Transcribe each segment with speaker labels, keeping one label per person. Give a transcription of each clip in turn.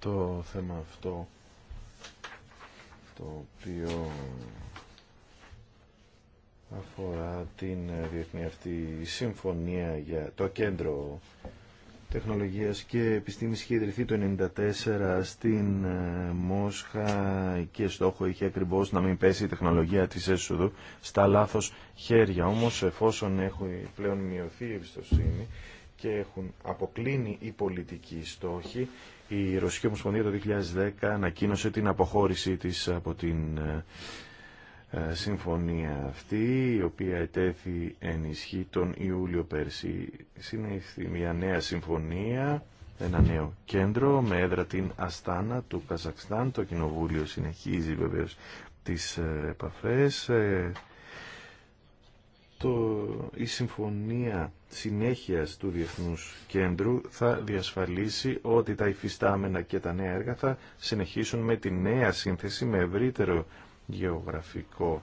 Speaker 1: το θέμα αυτό το οποίο αφορά την διεθνή αυτή συμφωνία για το κέντρο τεχνολογίας και επιστήμης είχε ιδρυθεί το 1994 στην ε, Μόσχα και στόχο είχε ακριβώς να μην πέσει η τεχνολογία της έσοδου στα λάθος χέρια. Όμως εφόσον έχουν πλέον μειωθεί η εμπιστοσύνη και έχουν αποκλίνει οι πολιτικοί στόχοι η Ρωσική Ομοσπονδία το 2010 ανακοίνωσε την αποχώρησή της από την ε, ε, συμφωνία αυτή, η οποία ετέθη ισχύ τον Ιούλιο πέρσι. Συνήθη μια νέα συμφωνία, ένα νέο κέντρο με έδρα την Αστάνα του Καζακστάν. Το Κοινοβούλιο συνεχίζει βεβαίως τις ε, επαφές το, η συμφωνία συνέχειας του Διεθνούς Κέντρου θα διασφαλίσει ότι τα υφιστάμενα και τα νέα έργα θα συνεχίσουν με τη νέα σύνθεση με ευρύτερο γεωγραφικό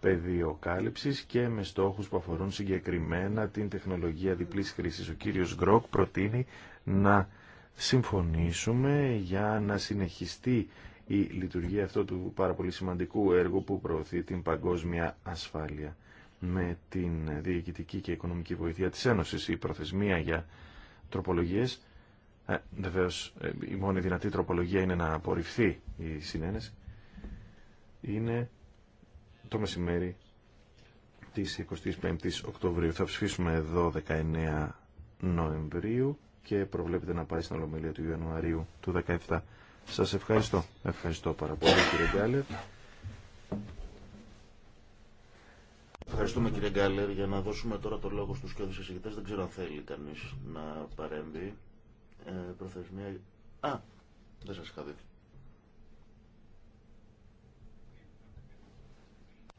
Speaker 1: πεδίο κάλυψης και με στόχους που αφορούν συγκεκριμένα την τεχνολογία διπλής χρήσης. Ο κύριος Γκρόκ προτείνει να συμφωνήσουμε για να συνεχιστεί η λειτουργία αυτού του πάρα πολύ σημαντικού έργου που προωθεί την παγκόσμια ασφάλεια με την διοικητική και οικονομική βοήθεια της Ένωσης. Η προθεσμία για τροπολογίες, ε, βεβαίω ε, η μόνη δυνατή τροπολογία είναι να απορριφθεί η συνένεση, είναι το μεσημέρι της 25ης Οκτωβρίου. Θα ψηφίσουμε εδώ 19 Νοεμβρίου και προβλέπεται να πάει στην Ολομελία του Ιανουαρίου του 17. Σας ευχαριστώ. Ευχαριστώ πάρα πολύ κύριε Γκάλερ.
Speaker 2: Ευχαριστούμε κύριε Γκάλερ για να δώσουμε τώρα το λόγο στους και εισηγητές. Δεν ξέρω αν θέλει κανείς να παρέμβει. Ε, προθεσμία... Α, δεν σας είχα δει.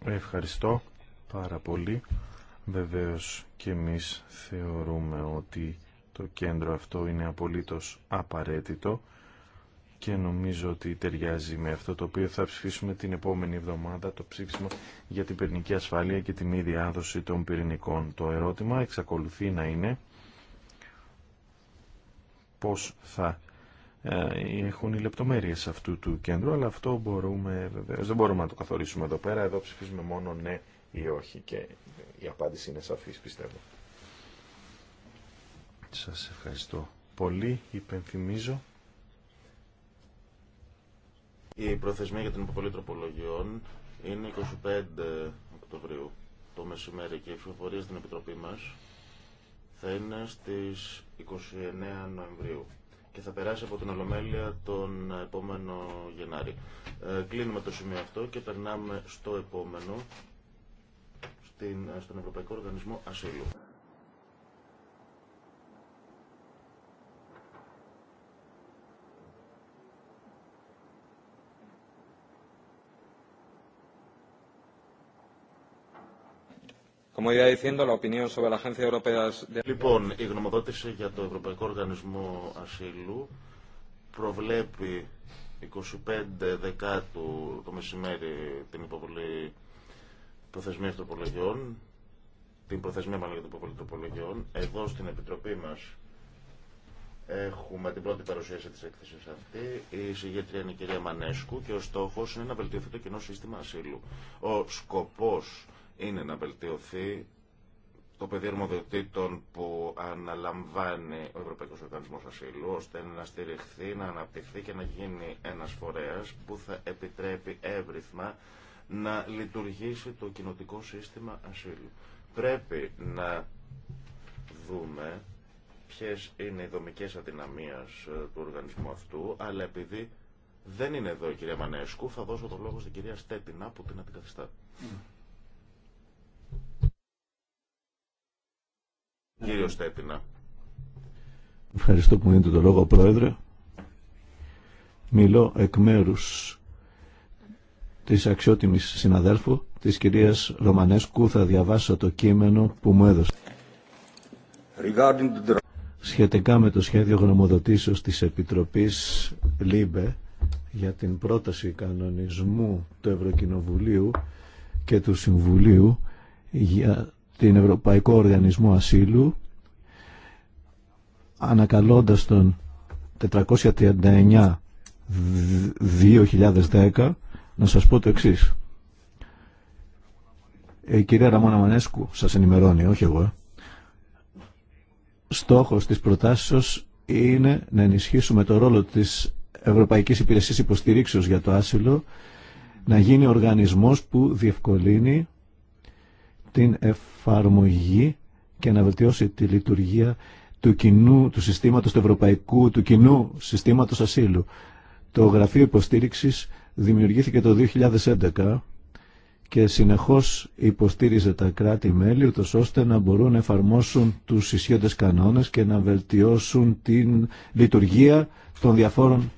Speaker 1: Ευχαριστώ πάρα πολύ. Βεβαίως και εμείς θεωρούμε ότι το κέντρο αυτό είναι απολύτως απαραίτητο και νομίζω ότι ταιριάζει με αυτό το οποίο θα ψηφίσουμε την επόμενη εβδομάδα το ψήφισμα για την πυρηνική ασφάλεια και τη μη διάδοση των πυρηνικών. Το ερώτημα εξακολουθεί να είναι πώς θα ε, έχουν οι λεπτομέρειες αυτού του κέντρου, αλλά αυτό μπορούμε, βεβαίως, δεν μπορούμε να το καθορίσουμε εδώ πέρα, εδώ ψηφίζουμε μόνο ναι ή όχι και η απάντηση είναι σαφής πιστεύω. Σας ευχαριστώ πολύ, υπενθυμίζω
Speaker 2: η προθεσμία για την υποβολή τροπολογιών είναι 25 Οκτωβρίου το μεσημέρι και η ψηφοφορία στην Επιτροπή μας θα είναι στις 29 Νοεμβρίου και θα περάσει από την Ολομέλεια τον επόμενο Γενάρη. Ε, κλείνουμε το σημείο αυτό και περνάμε στο επόμενο στον Ευρωπαϊκό Οργανισμό Ασύλου.
Speaker 3: Como iba diciendo, la opinión
Speaker 2: sobre la Agencia Λοιπόν, η γνωμοδότηση για το Ευρωπαϊκό Οργανισμό Ασύλου προβλέπει 25 δεκάτου το μεσημέρι την υποβολή προθεσμίας τροπολογιών, την προθεσμία μάλλον για την υποβολή τροπολογιών. Εδώ στην Επιτροπή μας Έχουμε την πρώτη παρουσίαση της έκθεση αυτή. Η συγγετρία είναι η κυρία Μανέσκου και ο στόχο είναι να βελτιωθεί το κοινό σύστημα ασύλου. Ο σκοπός είναι να βελτιωθεί το πεδίο αρμοδιοτήτων που αναλαμβάνει ο Ευρωπαϊκό Οργανισμό Ασύλου, ώστε να στηριχθεί, να αναπτυχθεί και να γίνει ένα φορέα που θα επιτρέπει εύρυθμα να λειτουργήσει το κοινοτικό σύστημα ασύλου. Πρέπει να δούμε ποιες είναι οι δομικές αδυναμίες ε, του οργανισμού αυτού, αλλά επειδή δεν είναι εδώ η κυρία Μανέσκου, θα δώσω το λόγο στην κυρία Στέτινα που την αντικαθιστά. Mm. Κύριο Στέπινα.
Speaker 4: Ευχαριστώ που μου δίνετε το λόγο, Πρόεδρε. Μιλώ εκ μέρου τη αξιότιμης συναδέλφου, της κυρίας Ρωμανέσκου, θα διαβάσω το κείμενο που μου έδωσε. Σχετικά με το σχέδιο γνωμοδοτήσεως της Επιτροπής ΛΥΜΠΕ για την πρόταση κανονισμού του Ευρωκοινοβουλίου και του Συμβουλίου για την Ευρωπαϊκό Οργανισμό Ασύλου ανακαλώντας τον 439 2010 να σας πω το εξής η ε, κυρία Ραμόνα Μανέσκου σας ενημερώνει, όχι εγώ ε. στόχος της προτάσεως είναι να ενισχύσουμε το ρόλο της Ευρωπαϊκής Υπηρεσίας Υποστηρίξεως για το άσυλο να γίνει οργανισμός που διευκολύνει την εφαρμογή και να βελτιώσει τη λειτουργία του κοινού, του συστήματος του ευρωπαϊκού, του κοινού συστήματος ασύλου. Το Γραφείο Υποστήριξης δημιουργήθηκε το 2011 και συνεχώς υποστήριζε τα κράτη-μέλη ούτως ώστε να μπορούν να εφαρμόσουν τους ισχύοντες κανόνες και να βελτιώσουν την λειτουργία των διαφόρων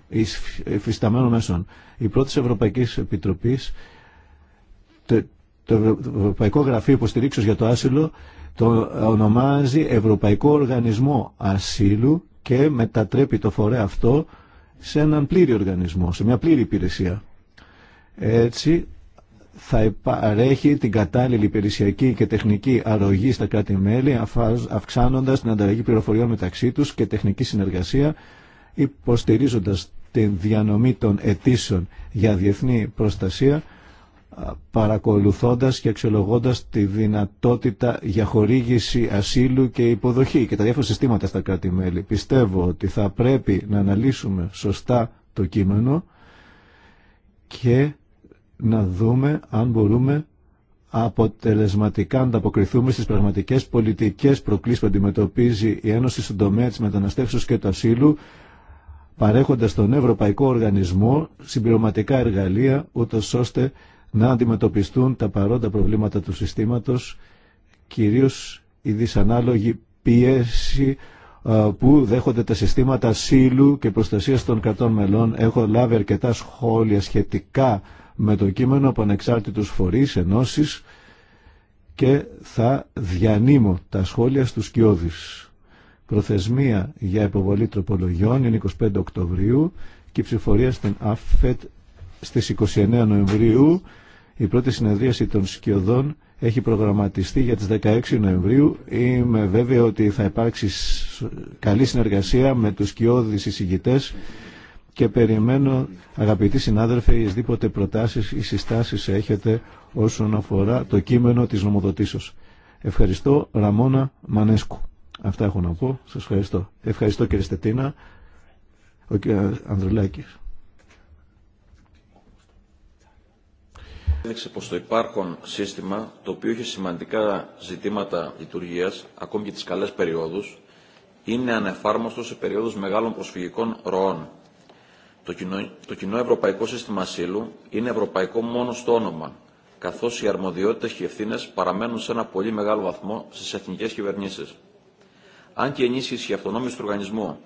Speaker 4: υφισταμένων μέσων. Η πρώτη Ευρωπαϊκής Επιτροπής το Ευρωπαϊκό Γραφείο Υποστηρίξεω για το Άσυλο το ονομάζει Ευρωπαϊκό Οργανισμό Ασύλου και μετατρέπει το φορέα αυτό σε έναν πλήρη οργανισμό, σε μια πλήρη υπηρεσία. Έτσι θα παρέχει την κατάλληλη υπηρεσιακή και τεχνική αρρωγή στα κράτη-μέλη, αυξάνοντας την ανταλλαγή πληροφοριών μεταξύ τους και τεχνική συνεργασία, υποστηρίζοντας την διανομή των αιτήσεων για διεθνή προστασία παρακολουθώντας και αξιολογώντας τη δυνατότητα για χορήγηση ασύλου και υποδοχή και τα διάφορα συστήματα στα κράτη-μέλη. Πιστεύω ότι θα πρέπει να αναλύσουμε σωστά το κείμενο και να δούμε αν μπορούμε αποτελεσματικά να ανταποκριθούμε στις πραγματικές πολιτικές προκλήσεις που αντιμετωπίζει η Ένωση στον τομέα της μεταναστεύσεως και του ασύλου παρέχοντας τον Ευρωπαϊκό Οργανισμό συμπληρωματικά εργαλεία ούτως ώστε να αντιμετωπιστούν τα παρόντα προβλήματα του συστήματος, κυρίως η δυσανάλογη πίεση που δέχονται τα συστήματα σύλλου και προστασίας των κρατών μελών. Έχω λάβει αρκετά σχόλια σχετικά με το κείμενο από ανεξάρτητους φορείς, ενώσεις και θα διανύμω τα σχόλια στους κοιόδης. Προθεσμία για υποβολή τροπολογιών είναι 25 Οκτωβρίου και η ψηφορία στην ΑΦΕΤ στις 29 Νοεμβρίου η πρώτη συνεδρίαση των σκιωδών έχει προγραμματιστεί για τις 16 Νοεμβρίου. Είμαι βέβαιο ότι θα υπάρξει καλή συνεργασία με τους σκιώδης εισηγητές και περιμένω αγαπητοί συνάδελφοι εσδήποτε προτάσεις ή συστάσεις έχετε όσον αφορά το κείμενο της νομοδοτήσεως. Ευχαριστώ Ραμόνα Μανέσκου. Αυτά έχω να πω. Σας ευχαριστώ. Ευχαριστώ κύριε Στετίνα. Ο κύριος Ανδρουλάκης.
Speaker 3: Έδειξε πω το υπάρχον σύστημα, το οποίο έχει σημαντικά ζητήματα λειτουργία, ακόμη και τι καλές περιόδους, είναι ανεφάρμοστο σε περιόδους μεγάλων προσφυγικών ροών. Το κοινό, το κοινό Ευρωπαϊκό Σύστημα Ασύλου είναι ευρωπαϊκό μόνο στο όνομα, καθώς οι αρμοδιότητες και ευθύνε παραμένουν σε ένα πολύ μεγάλο βαθμό στι εθνικέ κυβερνήσει. Αν και η ενίσχυση και αυτονόμηση του οργανισμού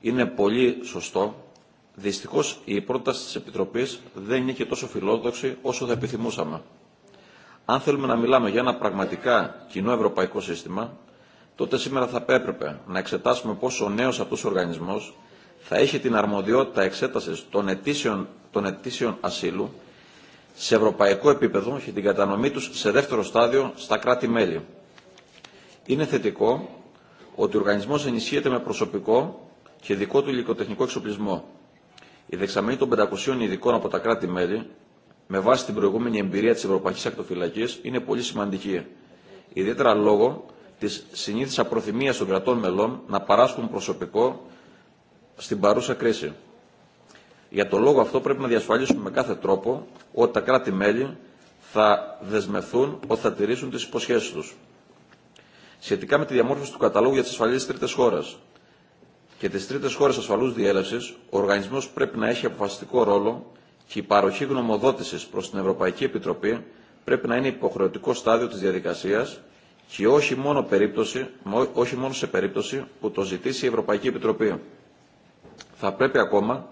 Speaker 3: είναι πολύ σωστό Δυστυχώ η πρόταση τη Επιτροπή δεν είναι και τόσο φιλόδοξη όσο θα επιθυμούσαμε. Αν θέλουμε να μιλάμε για ένα πραγματικά κοινό ευρωπαϊκό σύστημα, τότε σήμερα θα έπρεπε να εξετάσουμε πώ ο νέο αυτό οργανισμό θα έχει την αρμοδιότητα εξέταση των αιτήσεων, των αιτήσεων ασύλου σε ευρωπαϊκό επίπεδο και την κατανομή του σε δεύτερο στάδιο στα κράτη-μέλη. Είναι θετικό ότι ο οργανισμό ενισχύεται με προσωπικό και δικό του υλικοτεχνικό εξοπλισμό. Η δεξαμενή των 500 ειδικών από τα κράτη-μέλη, με βάση την προηγούμενη εμπειρία τη Ευρωπαϊκή Ακτοφυλακή, είναι πολύ σημαντική. Ιδιαίτερα λόγω τη συνήθι απροθυμία των κρατών μελών να παράσχουν προσωπικό στην παρούσα κρίση. Για το λόγο αυτό πρέπει να διασφαλίσουμε με κάθε τρόπο ότι τα κράτη-μέλη θα δεσμευθούν ότι θα τηρήσουν τι υποσχέσει του. Σχετικά με τη διαμόρφωση του καταλόγου για τι ασφαλεί τρίτε χώρα και τι τρίτε χώρε ασφαλού διέλευση, ο οργανισμό πρέπει να έχει αποφασιστικό ρόλο και η παροχή γνωμοδότηση προ την Ευρωπαϊκή Επιτροπή πρέπει να είναι υποχρεωτικό στάδιο τη διαδικασία και όχι μόνο, περίπτωση, όχι μόνο σε περίπτωση που το ζητήσει η Ευρωπαϊκή Επιτροπή. Θα πρέπει ακόμα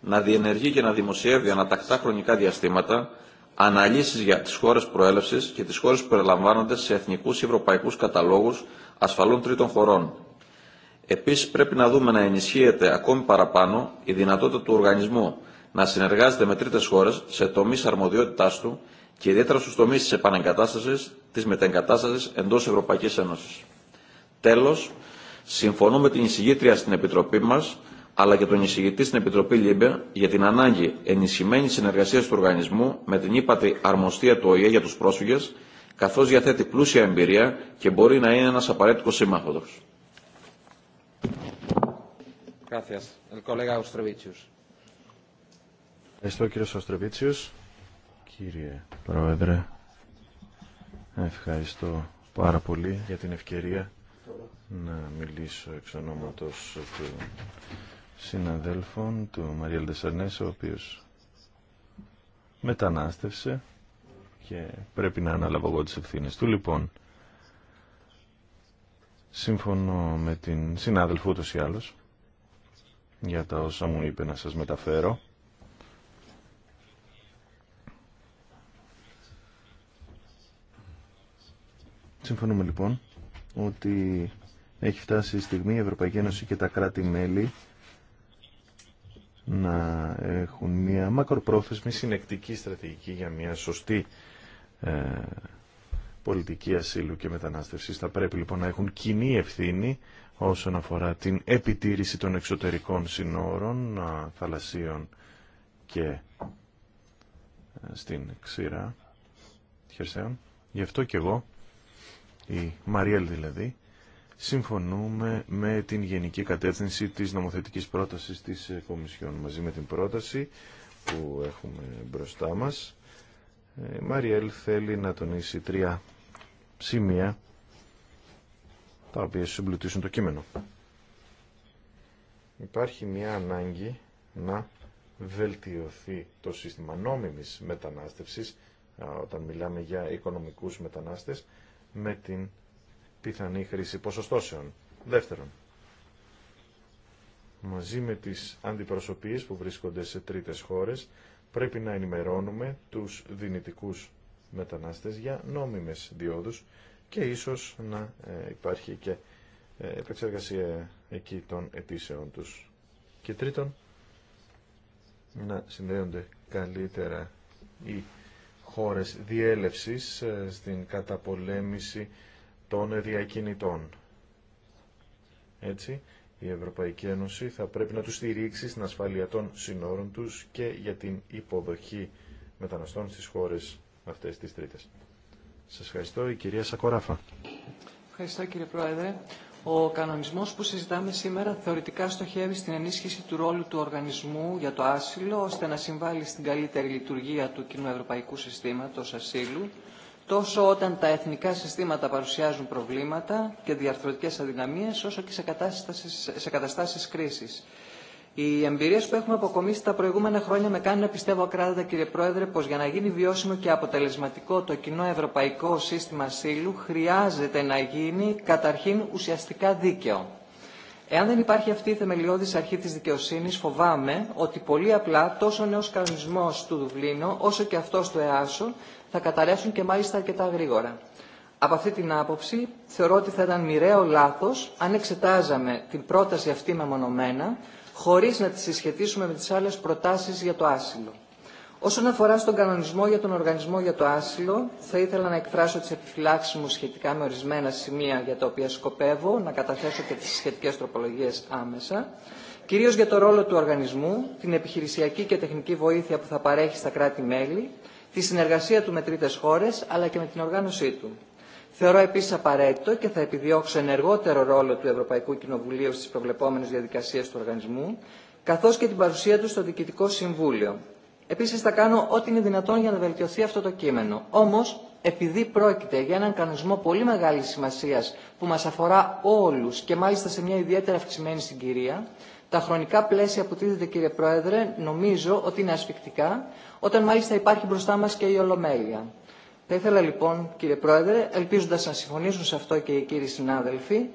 Speaker 3: να διενεργεί και να δημοσιεύει ανατακτά χρονικά διαστήματα αναλύσεις για τις χώρες προέλευσης και τις χώρες που περιλαμβάνονται σε εθνικούς ή ευρωπαϊκούς καταλόγους ασφαλών τρίτων χωρών Επίσης πρέπει να δούμε να ενισχύεται ακόμη παραπάνω η δυνατότητα του οργανισμού να συνεργάζεται με τρίτες χώρες σε τομείς αρμοδιότητάς του και ιδιαίτερα στους τομείς της επανεγκατάστασης, της μετεγκατάστασης εντός Ευρωπαϊκής Ένωσης. Τέλος, συμφωνώ με την εισηγήτρια στην Επιτροπή μας, αλλά και τον εισηγητή στην Επιτροπή ΛΥΜΠΕ για την ανάγκη ενισχυμένη συνεργασία του οργανισμού με την ύπατη αρμοστία του ΟΗΕ για τους πρόσφυγες, καθώς διαθέτει πλούσια εμπειρία και μπορεί να είναι ένας απαραίτητος σύμμαχος.
Speaker 1: Ευχαριστώ κύριε Σοστρεβίτσιος. Κύριε Πρόεδρε, ευχαριστώ πάρα πολύ για την ευκαιρία να μιλήσω εξ ονόματος του συναδέλφων του Μαριέλ Δεσσαρνές, ο οποίος μετανάστευσε και πρέπει να αναλάβω εγώ τις ευθύνες του. Λοιπόν, Σύμφωνο με την συνάδελφο ούτως ή άλλως για τα όσα μου είπε να σας μεταφέρω. Συμφωνούμε λοιπόν ότι έχει φτάσει η στιγμή η Ευρωπαϊκή Ένωση και τα κράτη-μέλη να έχουν μια μακροπρόθεσμη συνεκτική στρατηγική για μια σωστή ε, πολιτική ασύλου και μετανάστευσης θα πρέπει λοιπόν να έχουν κοινή ευθύνη όσον αφορά την επιτήρηση των εξωτερικών συνόρων θαλασσίων και ε, στην ξηρά χερσαίων. Γι' αυτό και εγώ, η Μαριέλ δηλαδή, συμφωνούμε με την γενική κατεύθυνση της νομοθετικής πρότασης της ε, Κομισιόν μαζί με την πρόταση που έχουμε μπροστά μας. Ε, η Μαριέλ θέλει να τονίσει τρία σημεία τα οποία συμπλουτίσουν το κείμενο. Υπάρχει μια ανάγκη να βελτιωθεί το σύστημα νόμιμης μετανάστευσης όταν μιλάμε για οικονομικούς μετανάστες με την πιθανή χρήση ποσοστώσεων. Δεύτερον, μαζί με τις αντιπροσωπείες που βρίσκονται σε τρίτες χώρες πρέπει να ενημερώνουμε τους δυνητικούς μετανάστες για νόμιμες διόδους και ίσως να ε, υπάρχει και ε, επεξεργασία εκεί των αιτήσεων τους. Και τρίτον, να συνδέονται καλύτερα οι χώρες διέλευσης ε, στην καταπολέμηση των διακινητών. Έτσι, η Ευρωπαϊκή Ένωση θα πρέπει να τους στηρίξει στην ασφάλεια των συνόρων τους και για την υποδοχή μεταναστών στις χώρες αυτές τις τρίτες. Σας ευχαριστώ. Η κυρία Σακοράφα.
Speaker 5: Ευχαριστώ κύριε Πρόεδρε. Ο κανονισμός που συζητάμε σήμερα θεωρητικά στοχεύει στην ενίσχυση του ρόλου του οργανισμού για το άσυλο, ώστε να συμβάλλει στην καλύτερη λειτουργία του κοινού ευρωπαϊκού συστήματος ασύλου, τόσο όταν τα εθνικά συστήματα παρουσιάζουν προβλήματα και διαρθρωτικές αδυναμίες, όσο και σε, σε καταστάσεις κρίσης. Οι εμπειρίε που έχουμε αποκομίσει τα προηγούμενα χρόνια με κάνουν να πιστεύω ακράδαντα, κύριε Πρόεδρε, πω για να γίνει βιώσιμο και αποτελεσματικό το κοινό ευρωπαϊκό σύστημα ασύλου χρειάζεται να γίνει καταρχήν ουσιαστικά δίκαιο. Εάν δεν υπάρχει αυτή η θεμελιώδη αρχή τη δικαιοσύνη, φοβάμαι ότι πολύ απλά τόσο ο νέο κανονισμό του Δουβλίνου όσο και αυτό του ΕΑΣΟ θα καταρρεύσουν και μάλιστα αρκετά γρήγορα. Από αυτή την άποψη, θεωρώ ότι θα ήταν μοιραίο λάθο αν εξετάζαμε την πρόταση αυτή μεμονωμένα, χωρίς να τις συσχετίσουμε με τις άλλες προτάσεις για το άσυλο. Όσον αφορά στον κανονισμό για τον Οργανισμό για το Άσυλο, θα ήθελα να εκφράσω τις επιφυλάξει μου σχετικά με ορισμένα σημεία για τα οποία σκοπεύω, να καταθέσω και τις σχετικές τροπολογίες άμεσα, κυρίως για το ρόλο του οργανισμού, την επιχειρησιακή και τεχνική βοήθεια που θα παρέχει στα κράτη-μέλη, τη συνεργασία του με τρίτες χώρες, αλλά και με την οργάνωσή του. Θεωρώ επίση απαραίτητο και θα επιδιώξω ενεργότερο ρόλο του Ευρωπαϊκού Κοινοβουλίου στι προβλεπόμενε διαδικασίε του οργανισμού, καθώ και την παρουσία του στο Διοικητικό Συμβούλιο. Επίση, θα κάνω ό,τι είναι δυνατόν για να βελτιωθεί αυτό το κείμενο. Όμω, επειδή πρόκειται για έναν κανονισμό πολύ μεγάλη σημασία που μα αφορά όλου και μάλιστα σε μια ιδιαίτερα αυξημένη συγκυρία, τα χρονικά πλαίσια που τίθεται, κύριε Πρόεδρε, νομίζω ότι είναι ασφικτικά, όταν μάλιστα υπάρχει μπροστά μα και η Ολομέλεια. Θα ήθελα λοιπόν, κύριε Πρόεδρε, ελπίζοντας να συμφωνήσουν σε αυτό και οι κύριοι συνάδελφοι,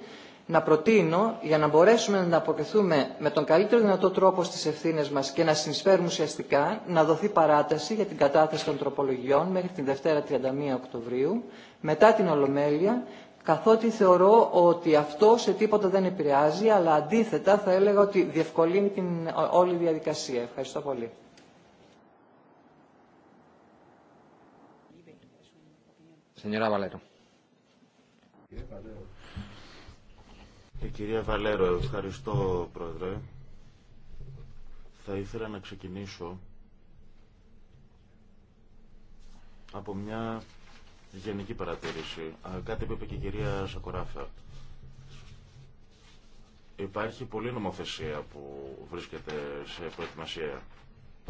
Speaker 5: να προτείνω για να μπορέσουμε να ανταποκριθούμε με τον καλύτερο δυνατό τρόπο στις ευθύνες μας και να συνεισφέρουμε ουσιαστικά να δοθεί παράταση για την κατάθεση των τροπολογιών μέχρι την Δευτέρα 31 Οκτωβρίου, μετά την Ολομέλεια, καθότι θεωρώ ότι αυτό σε τίποτα δεν επηρεάζει, αλλά αντίθετα θα έλεγα ότι διευκολύνει την όλη διαδικασία. Ευχαριστώ πολύ. Señora Valero.
Speaker 6: Η
Speaker 2: ε, κυρία Βαλέρο, ευχαριστώ πρόεδρε. Θα ήθελα να ξεκινήσω από μια γενική παρατήρηση. Κάτι που είπε και η κυρία Σακοράφα. Υπάρχει πολλή νομοθεσία που βρίσκεται σε προετοιμασία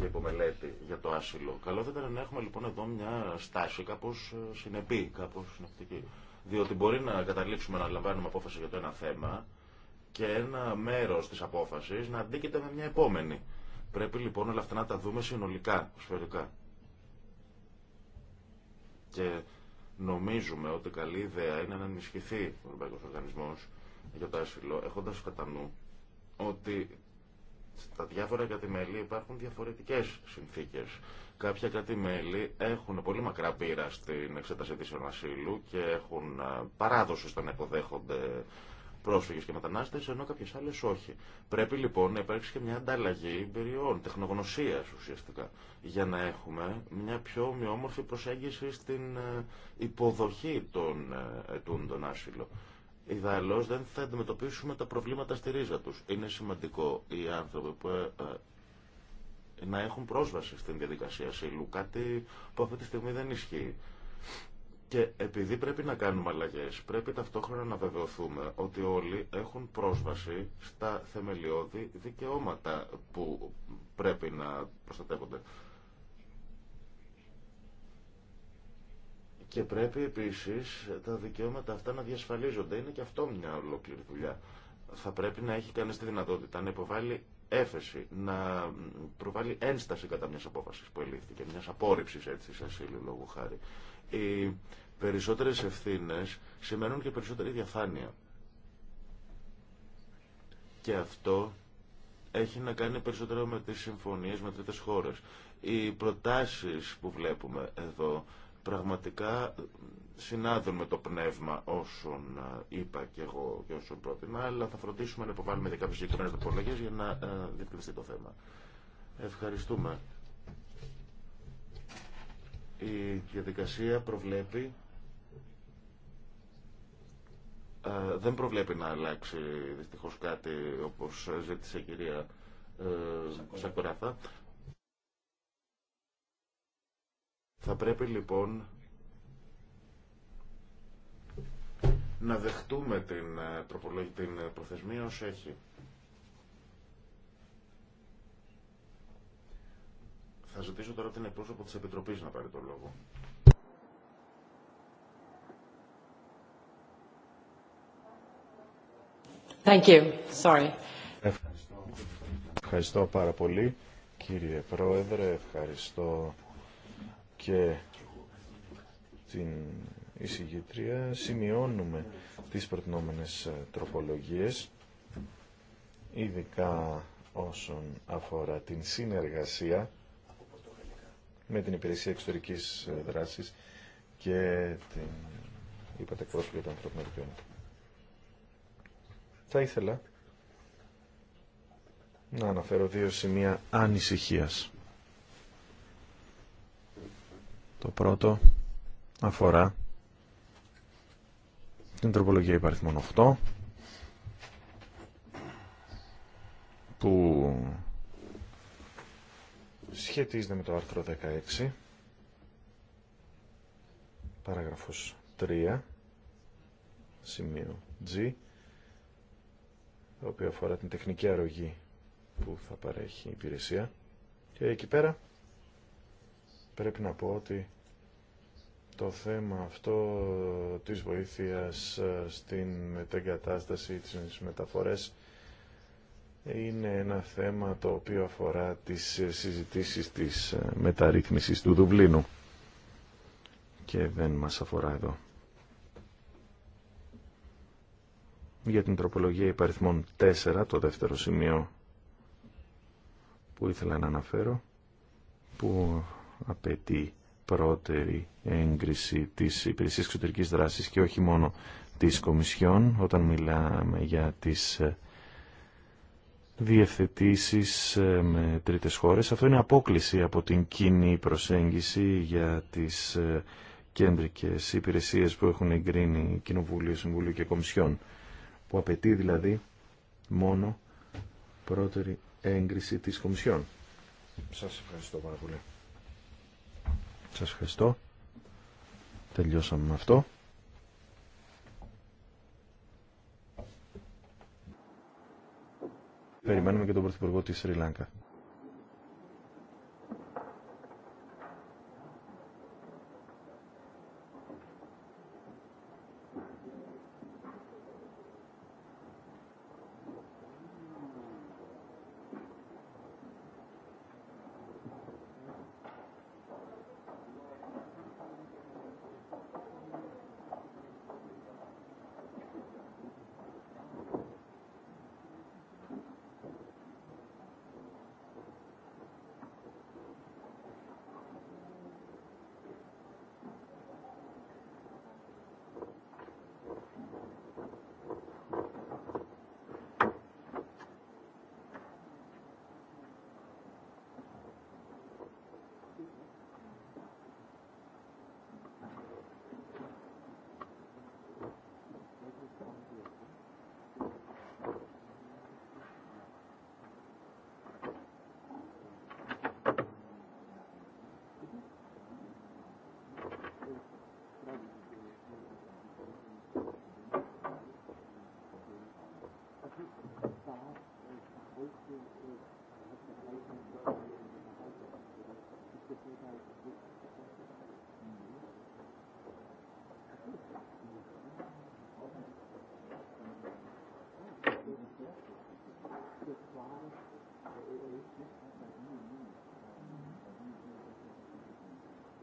Speaker 2: και υπομελέτη για το άσυλο. Καλό θα ήταν να έχουμε λοιπόν εδώ μια στάση κάπως ε, συνεπή, κάπως συνεκτική. Διότι μπορεί να καταλήξουμε να λαμβάνουμε απόφαση για το ένα θέμα και ένα μέρος της απόφασης να αντίκειται με μια επόμενη. Πρέπει λοιπόν όλα αυτά να τα δούμε συνολικά, σφαιρικά. Και νομίζουμε ότι καλή ιδέα είναι να ενισχυθεί ο Ευρωπαϊκό Οργανισμό για το άσυλο, έχοντα κατά νου ότι στα διάφορα κράτη-μέλη υπάρχουν διαφορετικές συνθήκες. Κάποια κράτη-μέλη έχουν πολύ μακρά πείρα στην εξέταση αιτήσεων ασύλου και έχουν παράδοση στο να υποδέχονται πρόσφυγες και μετανάστες, ενώ κάποιες άλλες όχι. Πρέπει λοιπόν να υπάρξει και μια ανταλλαγή εμπειριών, τεχνογνωσίας ουσιαστικά, για να έχουμε μια πιο ομοιόμορφη προσέγγιση στην ε, υποδοχή των ε, ετούντων άσυλων. Ιδαλώ δεν θα αντιμετωπίσουμε τα προβλήματα στη ρίζα του. Είναι σημαντικό οι άνθρωποι που ε, ε, να έχουν πρόσβαση στην διαδικασία ασύλου, κάτι που αυτή τη στιγμή δεν ισχύει. Και επειδή πρέπει να κάνουμε αλλαγέ, πρέπει ταυτόχρονα να βεβαιωθούμε ότι όλοι έχουν πρόσβαση στα θεμελιώδη δικαιώματα που πρέπει να προστατεύονται. Και πρέπει επίσης τα δικαιώματα αυτά να διασφαλίζονται. Είναι και αυτό μια ολόκληρη δουλειά. Θα πρέπει να έχει κανείς τη δυνατότητα να υποβάλει έφεση, να προβάλλει ένσταση κατά μιας απόφασης που ελήφθηκε, μιας απόρριψης έτσι σε ασύλου λόγου χάρη. Οι περισσότερες ευθύνες σημαίνουν και περισσότερη διαφάνεια. Και αυτό έχει να κάνει περισσότερο με τις συμφωνίες με τρίτες χώρες. Οι προτάσεις που βλέπουμε εδώ πραγματικά συνάδουν με το πνεύμα όσων ε, είπα και εγώ και όσων πρότεινα, αλλά θα φροντίσουμε να υποβάλουμε και κάποιε συγκεκριμένες για να ε, διευκρινιστεί το θέμα. Ευχαριστούμε. Η διαδικασία προβλέπει. Ε, δεν προβλέπει να αλλάξει δυστυχώς κάτι όπως ζήτησε η κυρία ε, Θα πρέπει λοιπόν να δεχτούμε την, ε, την ε, προθεσμία ως έχει. Θα ζητήσω τώρα την εκπρόσωπο της Επιτροπής να πάρει το λόγο.
Speaker 6: Thank you. Sorry.
Speaker 1: Ευχαριστώ. ευχαριστώ πάρα πολύ, κύριε Πρόεδρε. Ευχαριστώ και την εισηγήτρια σημειώνουμε τις προτινόμενες ε, τροπολογίες ειδικά όσον αφορά την συνεργασία με την Υπηρεσία Εξωτερικής ε, Δράσης και την είπατε των Θα ήθελα να αναφέρω δύο σημεία ανησυχίας. Το πρώτο αφορά την τροπολογία υπαριθμών 8 που σχετίζεται με το άρθρο 16 παράγραφος 3 σημείο G το οποίο αφορά την τεχνική αρρωγή που θα παρέχει η υπηρεσία και εκεί πέρα πρέπει να πω ότι το θέμα αυτό της βοήθειας ε, στην μετεγκατάσταση της μεταφορές είναι ένα θέμα το οποίο αφορά τις συζητήσεις της ε, μεταρρύθμισης του Δουβλίνου και δεν μας αφορά εδώ. Για την τροπολογία υπαριθμών 4, το δεύτερο σημείο που ήθελα να αναφέρω, που απαιτεί πρώτερη έγκριση της υπηρεσίας εξωτερικής δράσης και όχι μόνο της Κομισιόν όταν μιλάμε για τις ε, διευθετήσεις ε, με τρίτες χώρες. Αυτό είναι απόκληση από την κοινή προσέγγιση για τις ε, κέντρικες υπηρεσίες που έχουν εγκρίνει Κοινοβούλιο, Συμβούλιο και Κομισιόν που απαιτεί δηλαδή μόνο πρώτερη έγκριση της Κομισιόν. Σας ευχαριστώ πάρα πολύ. Σας ευχαριστώ. Τελειώσαμε με αυτό. Περιμένουμε και τον Πρωθυπουργό της Σρι Λάνκα.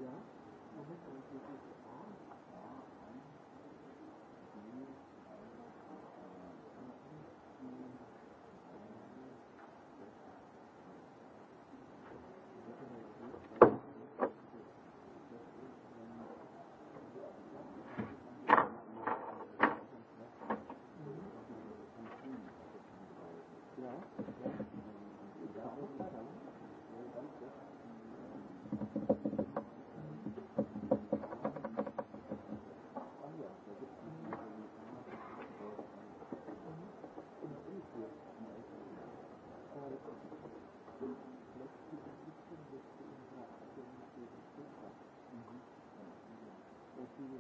Speaker 6: Ja,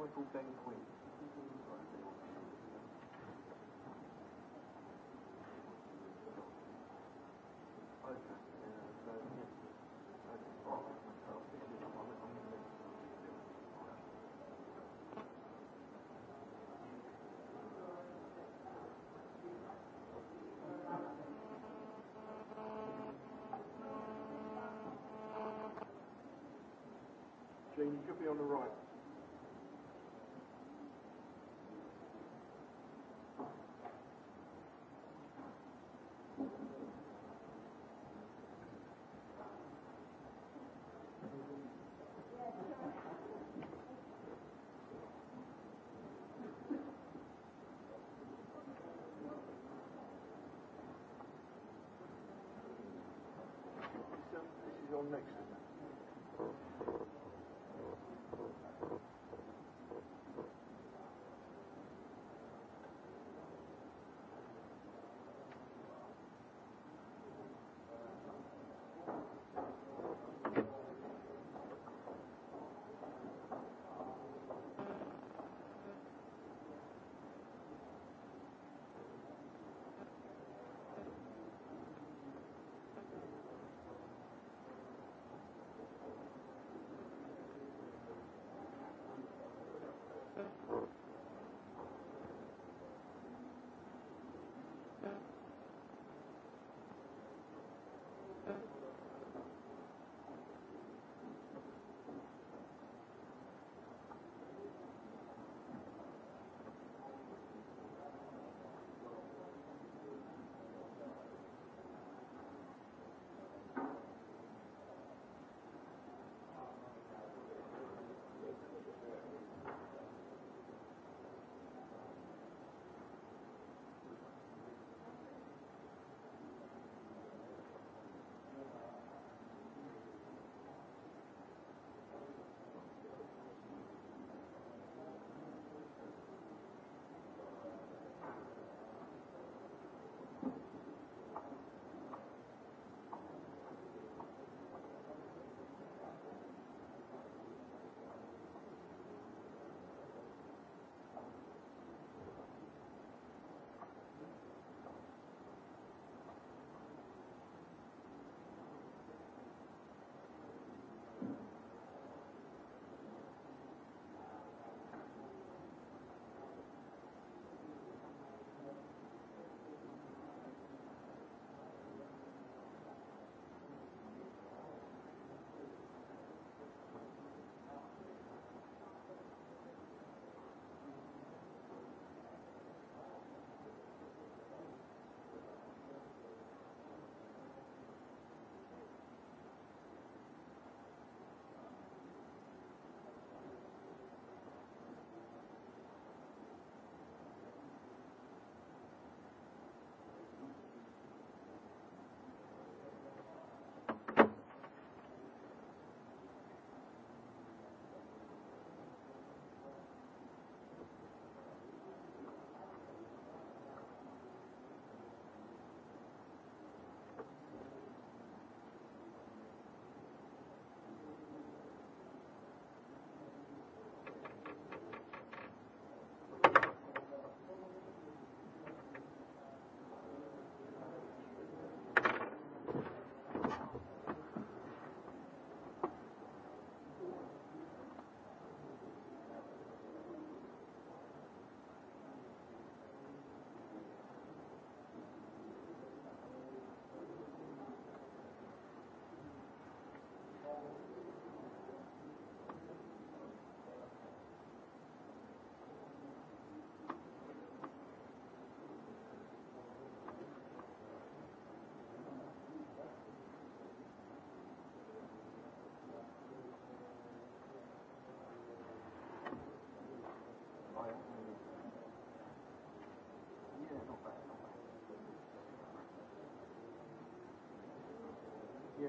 Speaker 6: joyful you you be on the right. next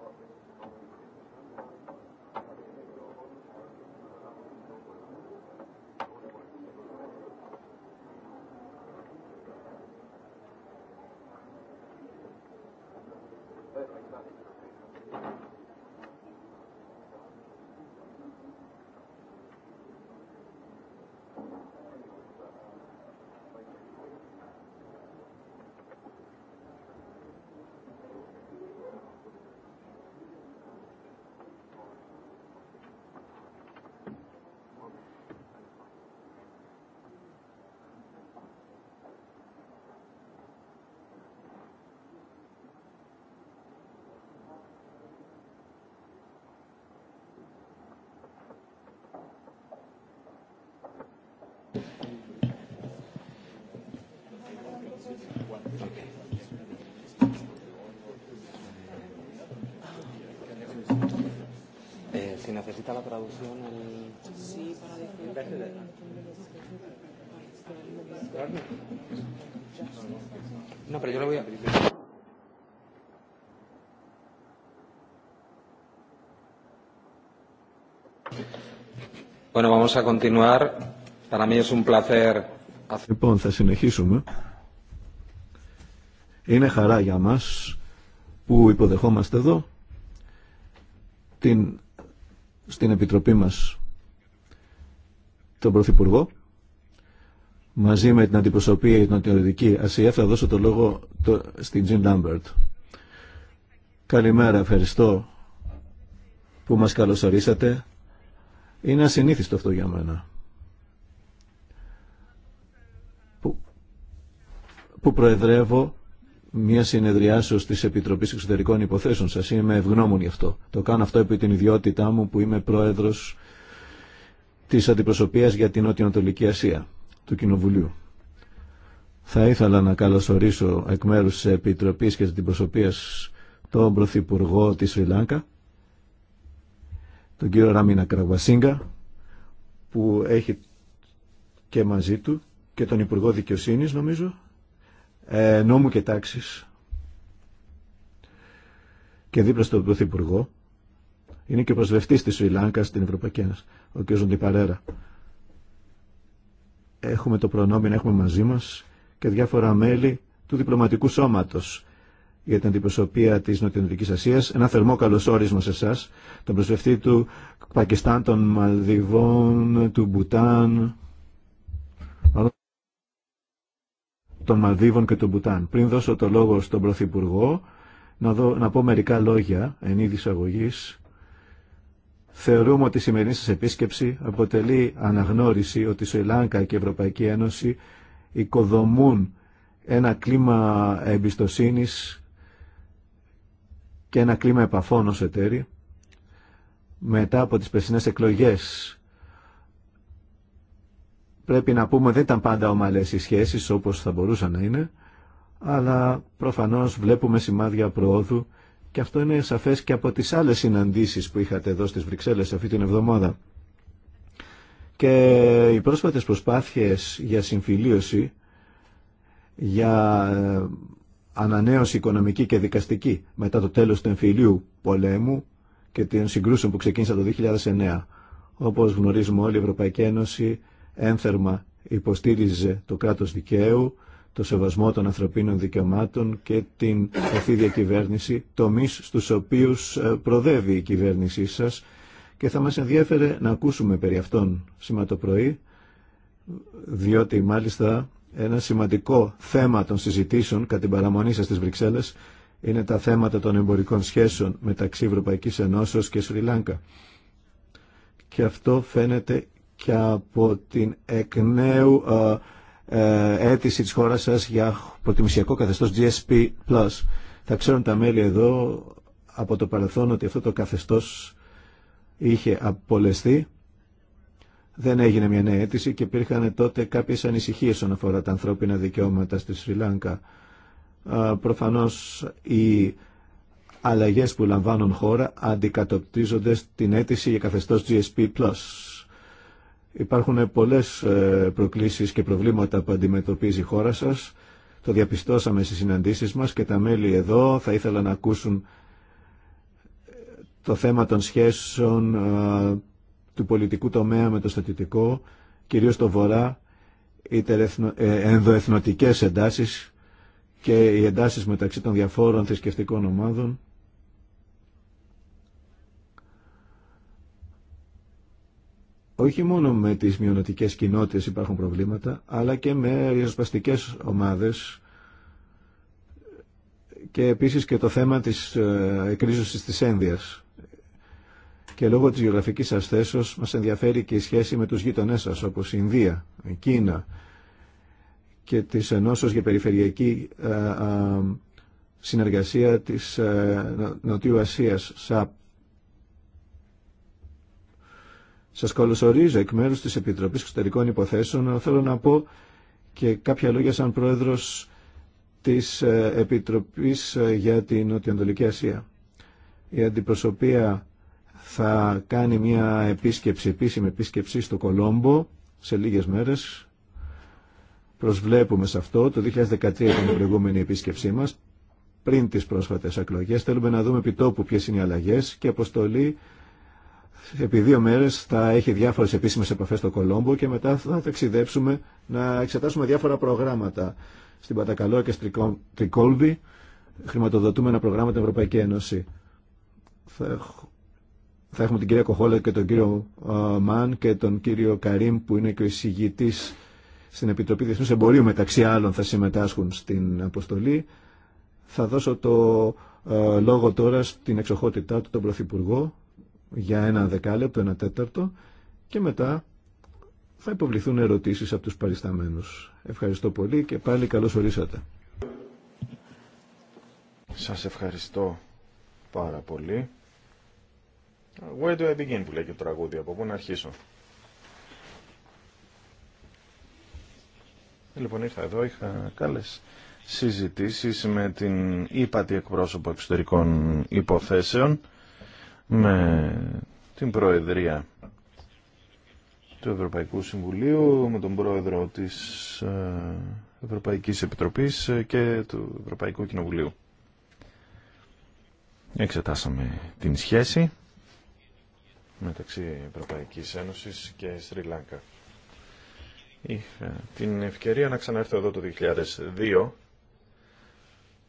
Speaker 6: appropriate
Speaker 5: Eh, si necesita la traducción, el... Sí, para decir... No, pero yo lo voy a... Bueno, vamos a continuar. Para mí es
Speaker 3: un placer.
Speaker 4: Λοιπόν, θα συνεχίσουμε. Είναι χαρά για μας που υποδεχόμαστε εδώ την, στην Επιτροπή μας τον Πρωθυπουργό μαζί με την αντιπροσωπεία για την Νοτιοδυτική Ασία θα δώσω το λόγο στην Τζιν Λάμπερτ. Καλημέρα, ευχαριστώ που μας καλωσορίσατε. Είναι ασυνήθιστο αυτό για μένα. Που, που προεδρεύω μια συνεδριάσεως τη Επιτροπή Εξωτερικών Υποθέσεων σας. Είμαι ευγνώμων γι' αυτό. Το κάνω αυτό επί την ιδιότητά μου που είμαι πρόεδρος της Αντιπροσωπείας για την Νότιο-Ανατολική Ασία του Κοινοβουλίου. Θα ήθελα να καλωσορίσω εκ μέρους της Επιτροπής και της Αντιπροσωπεία τον Πρωθυπουργό τη Σρι τον κύριο Ραμίνα Κραγουασίγκα, που έχει και μαζί του και τον Υπουργό Δικαιοσύνη νομίζω, ε, νόμου και τάξης και δίπλα στον Πρωθυπουργό είναι και ο προσβευτής της Ιλάνκας, στην Ευρωπαϊκή Ένωση, ο κ. Ζοντιπαρέρα. Έχουμε το προνόμιο να έχουμε μαζί μας και διάφορα μέλη του διπλωματικού σώματος για την αντιπροσωπεία της Νοτιοανατολικής Ασίας. Ένα θερμό καλωσόρισμα σε εσά, τον προσβευτή του Πακιστάν, των Μαλδιβών, του Μπουτάν, των Μαλδίβων και των πουτάν. Πριν δώσω το λόγο στον Πρωθυπουργό, να, να πω μερικά λόγια εν είδη εισαγωγής. Θεωρούμε ότι η σημερινή σα επίσκεψη αποτελεί αναγνώριση ότι η Σουηλάνκα και η Ευρωπαϊκή Ένωση οικοδομούν ένα κλίμα εμπιστοσύνη και ένα κλίμα επαφών ως εταίροι μετά από τις περσινές εκλογές Πρέπει να πούμε δεν ήταν πάντα ομαλές οι σχέσεις όπως θα μπορούσαν να είναι, αλλά προφανώς βλέπουμε σημάδια προόδου και αυτό είναι σαφές και από τις άλλες συναντήσεις που είχατε εδώ στις Βρυξέλλες αυτή την εβδομάδα. Και οι πρόσφατες προσπάθειες για συμφιλίωση, για ε, ανανέωση οικονομική και δικαστική μετά το τέλος του εμφυλίου πολέμου και των συγκρούσεων που ξεκίνησαν το 2009. Όπως γνωρίζουμε όλοι η Ευρωπαϊκή Ένωση ένθερμα υποστήριζε το κράτος δικαίου, το σεβασμό των ανθρωπίνων δικαιωμάτων και την ευθύδια κυβέρνηση τομείς στους οποίους ε, προδεύει η κυβέρνησή σας και θα μας ενδιέφερε να ακούσουμε περί αυτών σήμερα το πρωί, διότι μάλιστα ένα σημαντικό θέμα των συζητήσεων κατά την παραμονή σας στις Βρυξέλλες είναι τα θέματα των εμπορικών σχέσεων μεταξύ Ευρωπαϊκής Ενώσεως και Σρι Λάγκα. Και αυτό φαίνεται και από την εκ νέου ε, ε, αίτηση της χώρας σας για προτιμησιακό καθεστώς GSP+. Θα ξέρουν τα μέλη εδώ από το παρελθόν ότι αυτό το καθεστώς είχε απολεστεί. Δεν έγινε μια νέα αίτηση και υπήρχαν τότε κάποιες ανησυχίες όσον αφορά τα ανθρώπινα δικαιώματα στη Σρι Λάνκα. Ε, προφανώς οι αλλαγές που λαμβάνουν χώρα αντικατοπτρίζονται στην αίτηση για καθεστώς GSP+. Υπάρχουν πολλές ε, προκλήσεις και προβλήματα που αντιμετωπίζει η χώρα σας. Το διαπιστώσαμε στις συναντήσεις μας και τα μέλη εδώ θα ήθελα να ακούσουν ε, το θέμα των σχέσεων ε, του πολιτικού τομέα με το στατιωτικό, κυρίως το βορρά, οι ενδοεθνοτικές εντάσεις και οι εντάσεις μεταξύ των διαφόρων θρησκευτικών ομάδων όχι μόνο με τις μειονοτικές κοινότητες υπάρχουν προβλήματα, αλλά και με ριζοσπαστικές ομάδες και επίσης και το θέμα της ε, εκρίζωσης της ένδειας. Και λόγω της γεωγραφικής σας θέσεως μας ενδιαφέρει και η σχέση με τους γείτονές σας, όπως η Ινδία, η Κίνα και της Ενώσεως για Περιφερειακή ε, ε, Συνεργασία της Νοτιού Ασίας, ΣΑΠ. Σα καλωσορίζω εκ μέρου τη επιτροπή Εξωτερικών Υποθέσεων, θέλω να πω και κάποια λόγια σαν πρόεδρο τη ε, Επιτροπή ε, για την Νοτιοανατολική Ασία. Η αντιπροσωπεία θα κάνει μια επίσκεψη, επίσημη επίσκεψη στο Κολόμπο σε λίγες μέρες. Προσβλέπουμε σε αυτό. Το 2013 ήταν η προηγούμενη επίσκεψή μας. Πριν τις πρόσφατες εκλογέ θέλουμε να δούμε επιτόπου ποιες είναι οι αλλαγές και αποστολή επί δύο μέρε θα έχει διάφορε επίσημε επαφέ στο Κολόμπο και μετά θα ταξιδέψουμε να εξετάσουμε διάφορα προγράμματα στην Πατακαλώ και στην Τρικόλβη χρηματοδοτούμενα προγράμματα την Ευρωπαϊκή Ένωση. Θα, θα έχουμε την κυρία Κοχόλα και τον κύριο ε, Μαν και τον κύριο Καρίμ που είναι και ο εισηγητή στην Επιτροπή Διεθνού Εμπορίου μεταξύ άλλων θα συμμετάσχουν στην αποστολή. Θα δώσω το ε, λόγο τώρα στην εξοχότητά του τον Πρωθυπουργό για ένα δεκάλεπτο, ένα τέταρτο και μετά θα υποβληθούν ερωτήσεις από τους παρισταμένους. Ευχαριστώ πολύ και πάλι καλώς ορίσατε. Σας ευχαριστώ πάρα πολύ.
Speaker 1: Where do I begin που λέει το τραγούδι, από πού να αρχίσω. Λοιπόν, ήρθα εδώ, είχα κάλες συζητήσεις με την ύπατη εκπρόσωπο εξωτερικών υποθέσεων με την Προεδρία του Ευρωπαϊκού Συμβουλίου, με τον Πρόεδρο της ε, Ευρωπαϊκής Επιτροπής ε, και του Ευρωπαϊκού Κοινοβουλίου. Εξετάσαμε την σχέση μεταξύ Ευρωπαϊκής Ένωσης και Σρι Λάγκα. Είχα την ευκαιρία να ξαναέρθω εδώ το 2002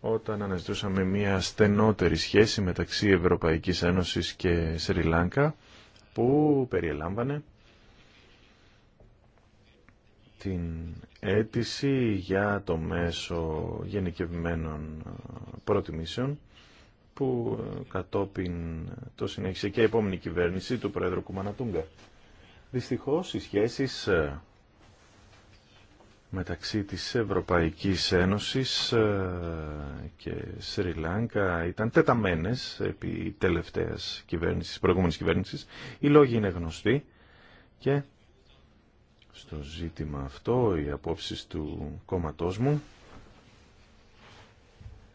Speaker 1: όταν αναζητούσαμε μια στενότερη σχέση μεταξύ Ευρωπαϊκής Ένωσης και Σρι που περιελάμβανε την αίτηση για το μέσο γενικευμένων προτιμήσεων που κατόπιν το συνέχισε και η επόμενη κυβέρνηση του Πρόεδρου Κουμανατούγκα. Δυστυχώς οι σχέσεις μεταξύ της Ευρωπαϊκής Ένωσης ε, και Σρι Λάγκα ήταν τεταμένες επί τελευταίας κυβέρνησης, προηγούμενης κυβέρνησης. Οι λόγοι είναι γνωστοί και στο ζήτημα αυτό οι απόψεις του κόμματός μου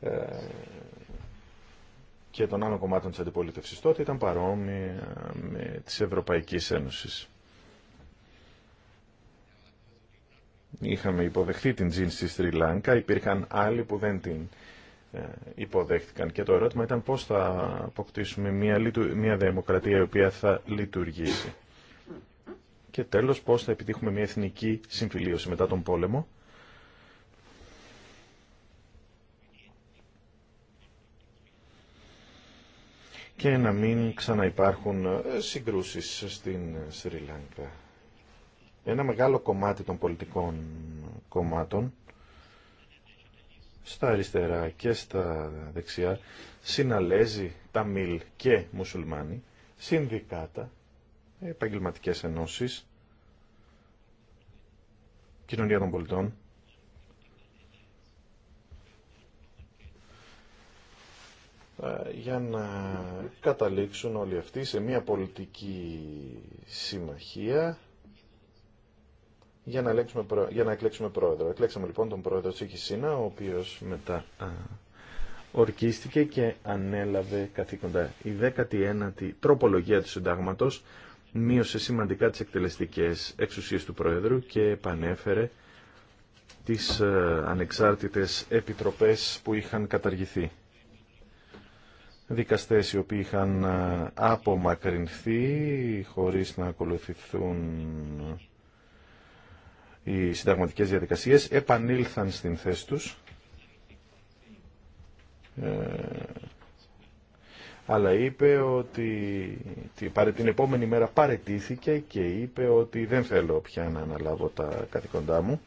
Speaker 1: ε, και των άλλων κομμάτων της αντιπολίτευσης τότε ήταν παρόμοια με της Ευρωπαϊκής Ένωσης. είχαμε υποδεχθεί την τζιν στη Σρι Λάνκα, υπήρχαν άλλοι που δεν την ε, υποδέχτηκαν. Και το ερώτημα ήταν πώς θα αποκτήσουμε μια, μια δημοκρατία η οποία θα λειτουργήσει. Και τέλος πώς θα επιτύχουμε μια εθνική συμφιλίωση μετά τον πόλεμο. και να μην ξαναυπάρχουν ε, συγκρούσεις στην Σρι Λάνκα ένα μεγάλο κομμάτι των πολιτικών κομμάτων στα αριστερά και στα δεξιά συναλέζει μιλ και Μουσουλμάνοι, συνδικάτα, επαγγελματικές ενώσεις, κοινωνία των πολιτών, για να καταλήξουν όλοι αυτοί σε μια πολιτική συμμαχία για να, για να εκλέξουμε πρόεδρο. Εκλέξαμε λοιπόν τον πρόεδρο Σίνα, ο οποίος μετά ορκίστηκε και ανέλαβε καθήκοντα. Η 19η τροπολογία του συντάγματο, μείωσε σημαντικά τις εκτελεστικές εξουσίε του πρόεδρου και επανέφερε τις ε, ανεξάρτητες επιτροπές που είχαν καταργηθεί. δικαστέ οι οποίοι είχαν ε, απομακρυνθεί χωρί να ακολουθηθούν οι συνταγματικές διαδικασίες επανήλθαν στην θέση τους ε, αλλά είπε ότι την επόμενη μέρα παρετήθηκε και είπε ότι δεν θέλω πια να αναλάβω τα καθηκοντά μου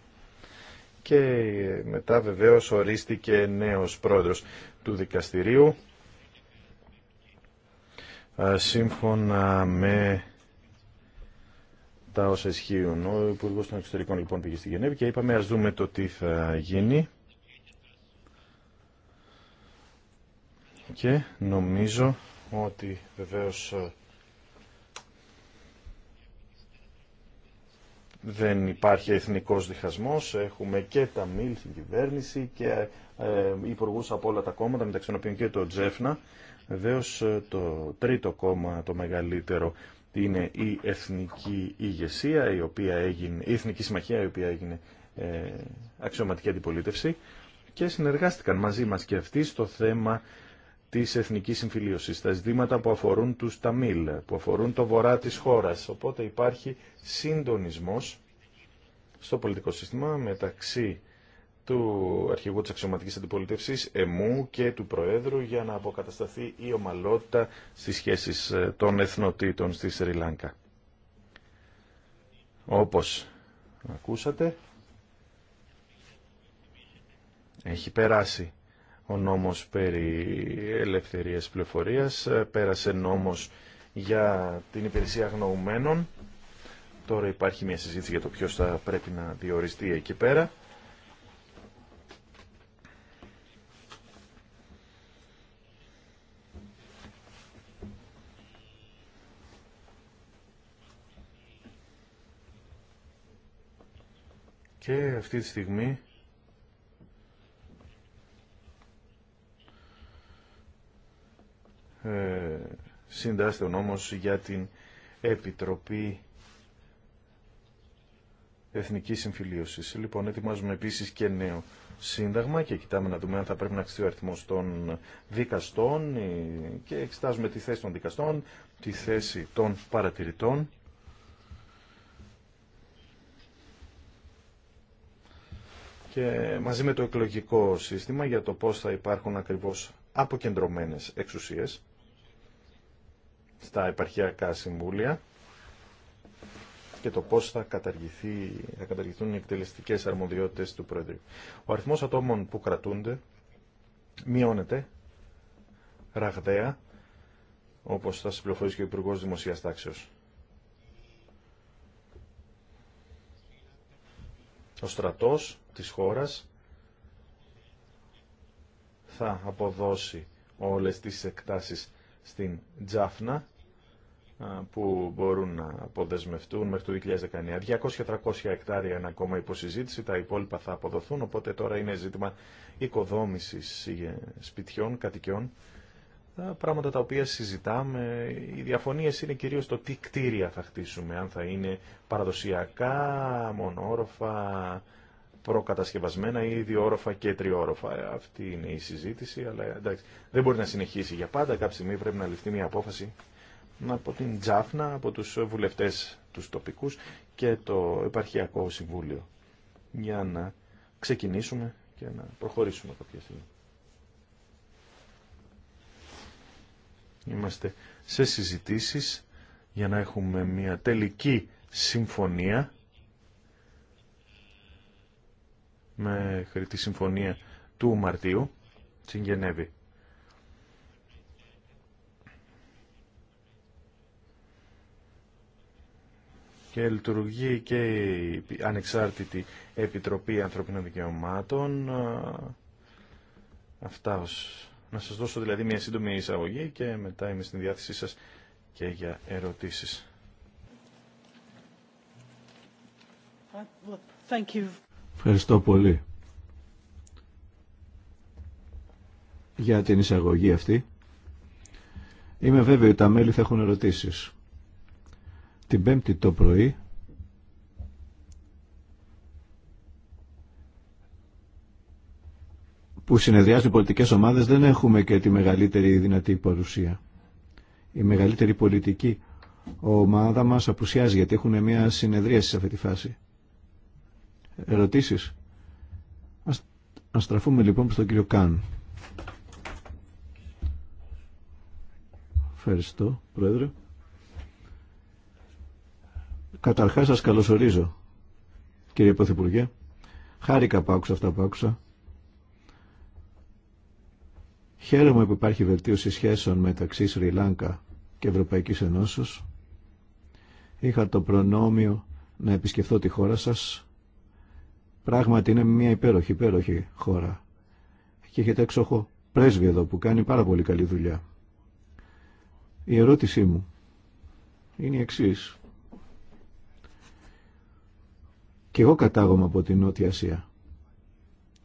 Speaker 1: και μετά βεβαίως ορίστηκε νέος πρόεδρος του δικαστηρίου σύμφωνα με τα όσα ισχύουν. Ο Υπουργό των Εξωτερικών λοιπόν πήγε στη Γενέβη και είπαμε ας δούμε το τι θα γίνει. Και νομίζω ότι βεβαίως δεν υπάρχει εθνικός διχασμός, έχουμε και τα ΜΙΛ στην κυβέρνηση και ε, υπουργού από όλα τα κόμματα, μεταξύ των οποίων και το Τζέφνα. Βεβαίω το τρίτο κόμμα, το μεγαλύτερο, είναι η εθνική ηγεσία, η, οποία έγινε, εθνική συμμαχία η οποία έγινε ε, αξιωματική αντιπολίτευση και συνεργάστηκαν μαζί μας και αυτοί στο θέμα της εθνικής συμφιλίωσης, τα ζητήματα που αφορούν τους Ταμίλ, που αφορούν το βορρά της χώρας. Οπότε υπάρχει συντονισμός στο πολιτικό σύστημα μεταξύ του αρχηγού της αξιωματικής αντιπολίτευσης ΕΜΟΥ και του Προέδρου για να αποκατασταθεί η ομαλότητα στις σχέσεις ε, των εθνοτήτων στη Σρι Λάνκα. Όπως ακούσατε, έχει περάσει ο νόμος περί ελευθερίας πληροφορίας, ε, πέρασε νόμος για την υπηρεσία γνωμένων. τώρα υπάρχει μια συζήτηση για το ποιος θα πρέπει να διοριστεί εκεί πέρα. Και αυτή τη στιγμή ε, συντάσσεται ο νόμος για την Επιτροπή Εθνική Συμφιλίωση. Λοιπόν, ετοιμάζουμε επίση και νέο σύνταγμα και κοιτάμε να δούμε αν θα πρέπει να αυξηθεί ο αριθμό των δικαστών ε, και εξετάζουμε τη θέση των δικαστών, τη θέση των παρατηρητών και μαζί με το εκλογικό σύστημα για το πώς θα υπάρχουν ακριβώς αποκεντρωμένες εξουσίες στα επαρχιακά συμβούλια και το πώς θα, καταργηθεί, καταργηθούν οι εκτελεστικές αρμοδιότητες του Πρόεδρου. Ο αριθμός ατόμων που κρατούνται μειώνεται ραγδαία, όπως θα σας και ο Υπουργός Δημοσίας Τάξεως. Ο στρατός της χώρας θα αποδώσει όλες τις εκτάσεις στην Τζάφνα που μπορούν να αποδεσμευτούν μέχρι το 2019. 200-300 εκτάρια είναι ακόμα υποσυζήτηση, τα υπόλοιπα θα αποδοθούν, οπότε τώρα είναι ζήτημα οικοδόμησης σπιτιών, κατοικιών τα πράγματα τα οποία συζητάμε, οι διαφωνίες είναι κυρίως το τι κτίρια θα χτίσουμε, αν θα είναι παραδοσιακά, μονόροφα, προκατασκευασμένα ή διόροφα και τριόροφα. Αυτή είναι η συζήτηση, αλλά εντάξει, δεν μπορεί να συνεχίσει για πάντα. Κάποια στιγμή πρέπει να ληφθεί μια απόφαση από την Τζάφνα, από τους βουλευτές τους τοπικούς και το Επαρχιακό Συμβούλιο για να ξεκινήσουμε και να προχωρήσουμε κάποια στιγμή. Είμαστε σε συζητήσεις για να έχουμε μια τελική συμφωνία με τη συμφωνία του Μαρτίου στην Γενέβη. και λειτουργεί και η Ανεξάρτητη Επιτροπή Ανθρωπίνων Δικαιωμάτων. Αυτά ως να σας δώσω δηλαδή μια σύντομη εισαγωγή και μετά είμαι στην διάθεσή σας και για
Speaker 4: ερωτήσεις. Ευχαριστώ πολύ για την εισαγωγή αυτή. Είμαι βέβαιο ότι τα μέλη θα έχουν ερωτήσεις. Την Πέμπτη το πρωί που συνεδριάζουν οι πολιτικές ομάδες δεν έχουμε και τη μεγαλύτερη δυνατή παρουσία. Η μεγαλύτερη πολιτική ομάδα μας απουσιάζει γιατί έχουν μια συνεδρίαση σε αυτή τη φάση. Ερωτήσεις. Ας, στραφούμε λοιπόν στον κύριο Καν. Ευχαριστώ, Πρόεδρε. Καταρχάς σας καλωσορίζω, κύριε Πρωθυπουργέ. Χάρηκα που άκουσα αυτά που άκουσα Χαίρομαι που υπάρχει βελτίωση σχέσεων μεταξύ Σρι Λάνκα και Ευρωπαϊκή Ενώσεω. Είχα το προνόμιο να επισκεφθώ τη χώρα σας. Πράγματι είναι μια υπέροχη, υπέροχη χώρα. Και έχετε έξοχο πρέσβη εδώ που κάνει πάρα πολύ καλή δουλειά. Η ερώτησή μου είναι η εξή. Κι εγώ κατάγομαι από την Νότια Ασία.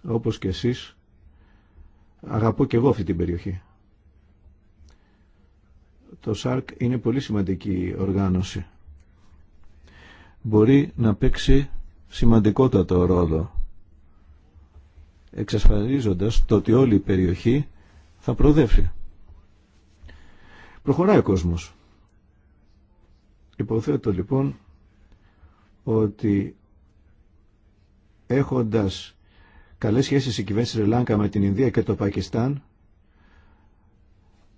Speaker 4: Όπως και εσείς Αγαπώ και εγώ αυτή την περιοχή. Το ΣΑΡΚ είναι πολύ σημαντική οργάνωση. Μπορεί να παίξει σημαντικότατο ρόλο εξασφαλίζοντας το ότι όλη η περιοχή θα προοδεύσει. Προχωράει ο κόσμος. Υποθέτω λοιπόν ότι έχοντας Καλέ σχέσεις η κυβέρνηση Ρελάνκα με την Ινδία και το Πακιστάν,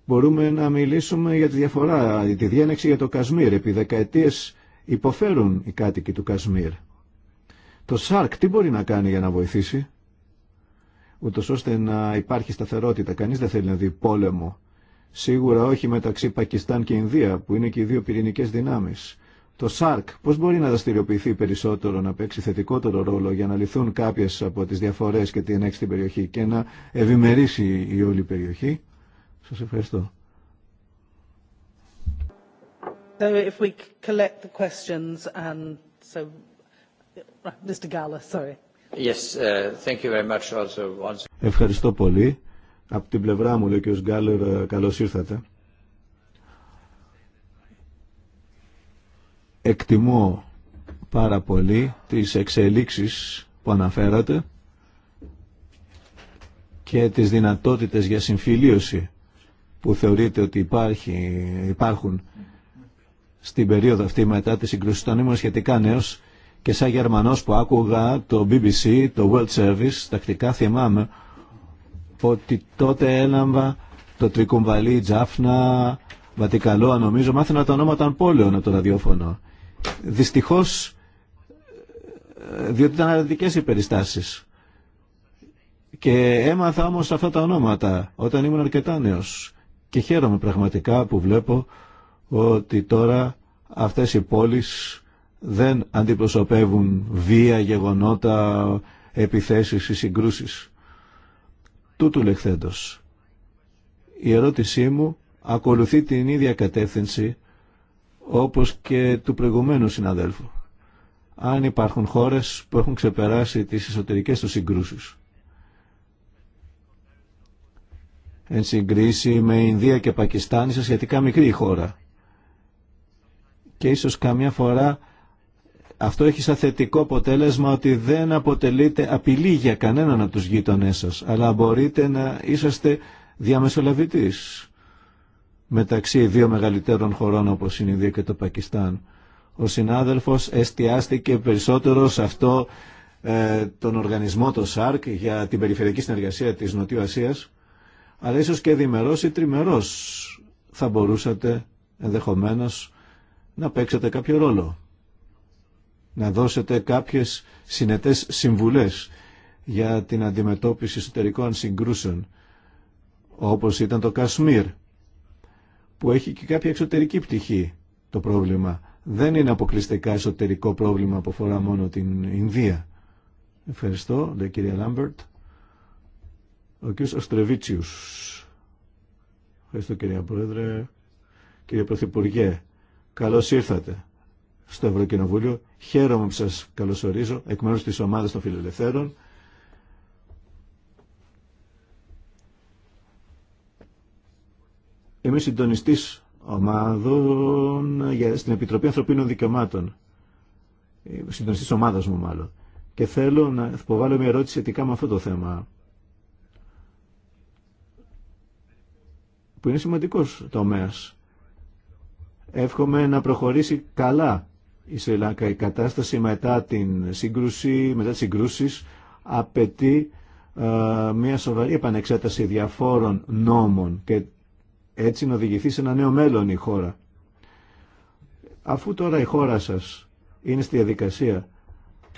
Speaker 4: μπορούμε να μιλήσουμε για τη διαφορά, τη διένεξη για το Κασμίρ, επί δεκαετίες υποφέρουν οι κάτοικοι του Κασμίρ. Το ΣΑΡΚ τι μπορεί να κάνει για να βοηθήσει, ούτω ώστε να υπάρχει σταθερότητα. Κανείς δεν θέλει να δει πόλεμο. Σίγουρα όχι μεταξύ Πακιστάν και Ινδία, που είναι και οι δύο πυρηνικές δυνάμεις. Το ΣΑΡΚ πώς μπορεί να δραστηριοποιηθεί περισσότερο, να παίξει θετικότερο ρόλο για να λυθούν κάποιες από τις διαφορές και την έξι περιοχή και να ευημερήσει η όλη περιοχή. Σας ευχαριστώ.
Speaker 5: So if we collect the questions and so Mr. sorry. Yes, uh, thank you very much also once.
Speaker 4: Ευχαριστώ πολύ. Από την πλευρά μου, λέει ο κ. Γκάλερ, ε, καλώς ήρθατε. Εκτιμώ πάρα πολύ τις εξελίξεις που αναφέρατε και τις δυνατότητες για συμφιλίωση που θεωρείτε ότι υπάρχει, υπάρχουν στην περίοδο αυτή μετά τη συγκρούση. των ήμουν σχετικά νέος και σαν Γερμανός που άκουγα το BBC, το World Service, τακτικά θυμάμαι ότι τότε έλαμβα το Τρικουμβαλί, Τζάφνα, Βατικαλό, νομίζω μάθαινα τα ονόματα πόλεων από το ραδιόφωνο. Δυστυχώς, διότι ήταν αρνητικές οι περιστάσεις. Και έμαθα όμως αυτά τα ονόματα όταν ήμουν αρκετά νέος. Και χαίρομαι πραγματικά που βλέπω ότι τώρα αυτές οι πόλεις δεν αντιπροσωπεύουν βία, γεγονότα, επιθέσεις ή συγκρούσεις. Τούτου λεχθέντος. Η ερώτησή μου ακολουθεί την ίδια κατεύθυνση όπως και του προηγουμένου συναδέλφου, αν υπάρχουν χώρες που έχουν ξεπεράσει τις εσωτερικές τους συγκρούσεις. Εν συγκρίση με Ινδία και Πακιστάν, είσαι σχετικά μικρή χώρα. Και ίσως καμιά φορά αυτό έχει σαν θετικό αποτέλεσμα ότι δεν αποτελείται απειλή για κανέναν από τους γείτονές σας, αλλά μπορείτε να είσαστε διαμεσολαβητής μεταξύ δύο μεγαλύτερων χωρών όπως είναι η Ινδία και το Πακιστάν. Ο συνάδελφος εστιάστηκε περισσότερο σε αυτό ε, τον οργανισμό το ΣΑΡΚ για την περιφερειακή συνεργασία της Νοτιού Ασίας, αλλά ίσως και διμερός ή τριμερός θα μπορούσατε ενδεχομένως να παίξετε κάποιο ρόλο, να δώσετε κάποιες συνετές συμβουλές για την αντιμετώπιση εσωτερικών συγκρούσεων, όπως ήταν το Κασμίρ που έχει και κάποια εξωτερική πτυχή το πρόβλημα. Δεν είναι αποκλειστικά εσωτερικό πρόβλημα που αφορά μόνο την Ινδία. Ευχαριστώ, λέει κυρία Λάμπερτ. Ο κύριος Αστρεβίτσιους. Ευχαριστώ κυρία Πρόεδρε. Κύριε Πρωθυπουργέ, καλώς ήρθατε στο Ευρωκοινοβούλιο. Χαίρομαι που σας καλωσορίζω εκ μέρους της ομάδας των φιλελευθέρων Είμαι συντονιστή ομάδων για, στην Επιτροπή Ανθρωπίνων Δικαιωμάτων. Ε, συντονιστή ομάδας μου μάλλον. Και θέλω να υποβάλω μια ερώτηση σχετικά με αυτό το θέμα. Που είναι σημαντικό τομέας. Εύχομαι να προχωρήσει καλά η Η κατάσταση μετά την σύγκρουση, μετά τι συγκρούσεις απαιτεί ε, μια σοβαρή επανεξέταση διαφόρων νόμων και έτσι να οδηγηθεί σε ένα νέο μέλλον η χώρα. Αφού τώρα η χώρα σας είναι στη διαδικασία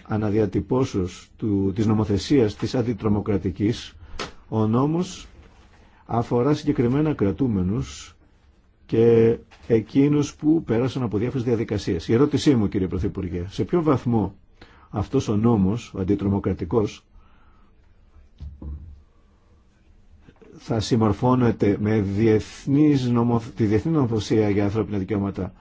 Speaker 4: αναδιατυπώσεως του, της νομοθεσίας της αντιτρομοκρατικής, ο νόμος αφορά συγκεκριμένα κρατούμενους και εκείνους που πέρασαν από διάφορες διαδικασίες. Η ερώτησή μου, κύριε Πρωθυπουργέ, σε ποιο βαθμό αυτός ο νόμος, ο αντιτρομοκρατικός, θα συμμορφώνεται με διεθνής τη διεθνή νομοθεσία για ανθρώπινα δικαιώματα.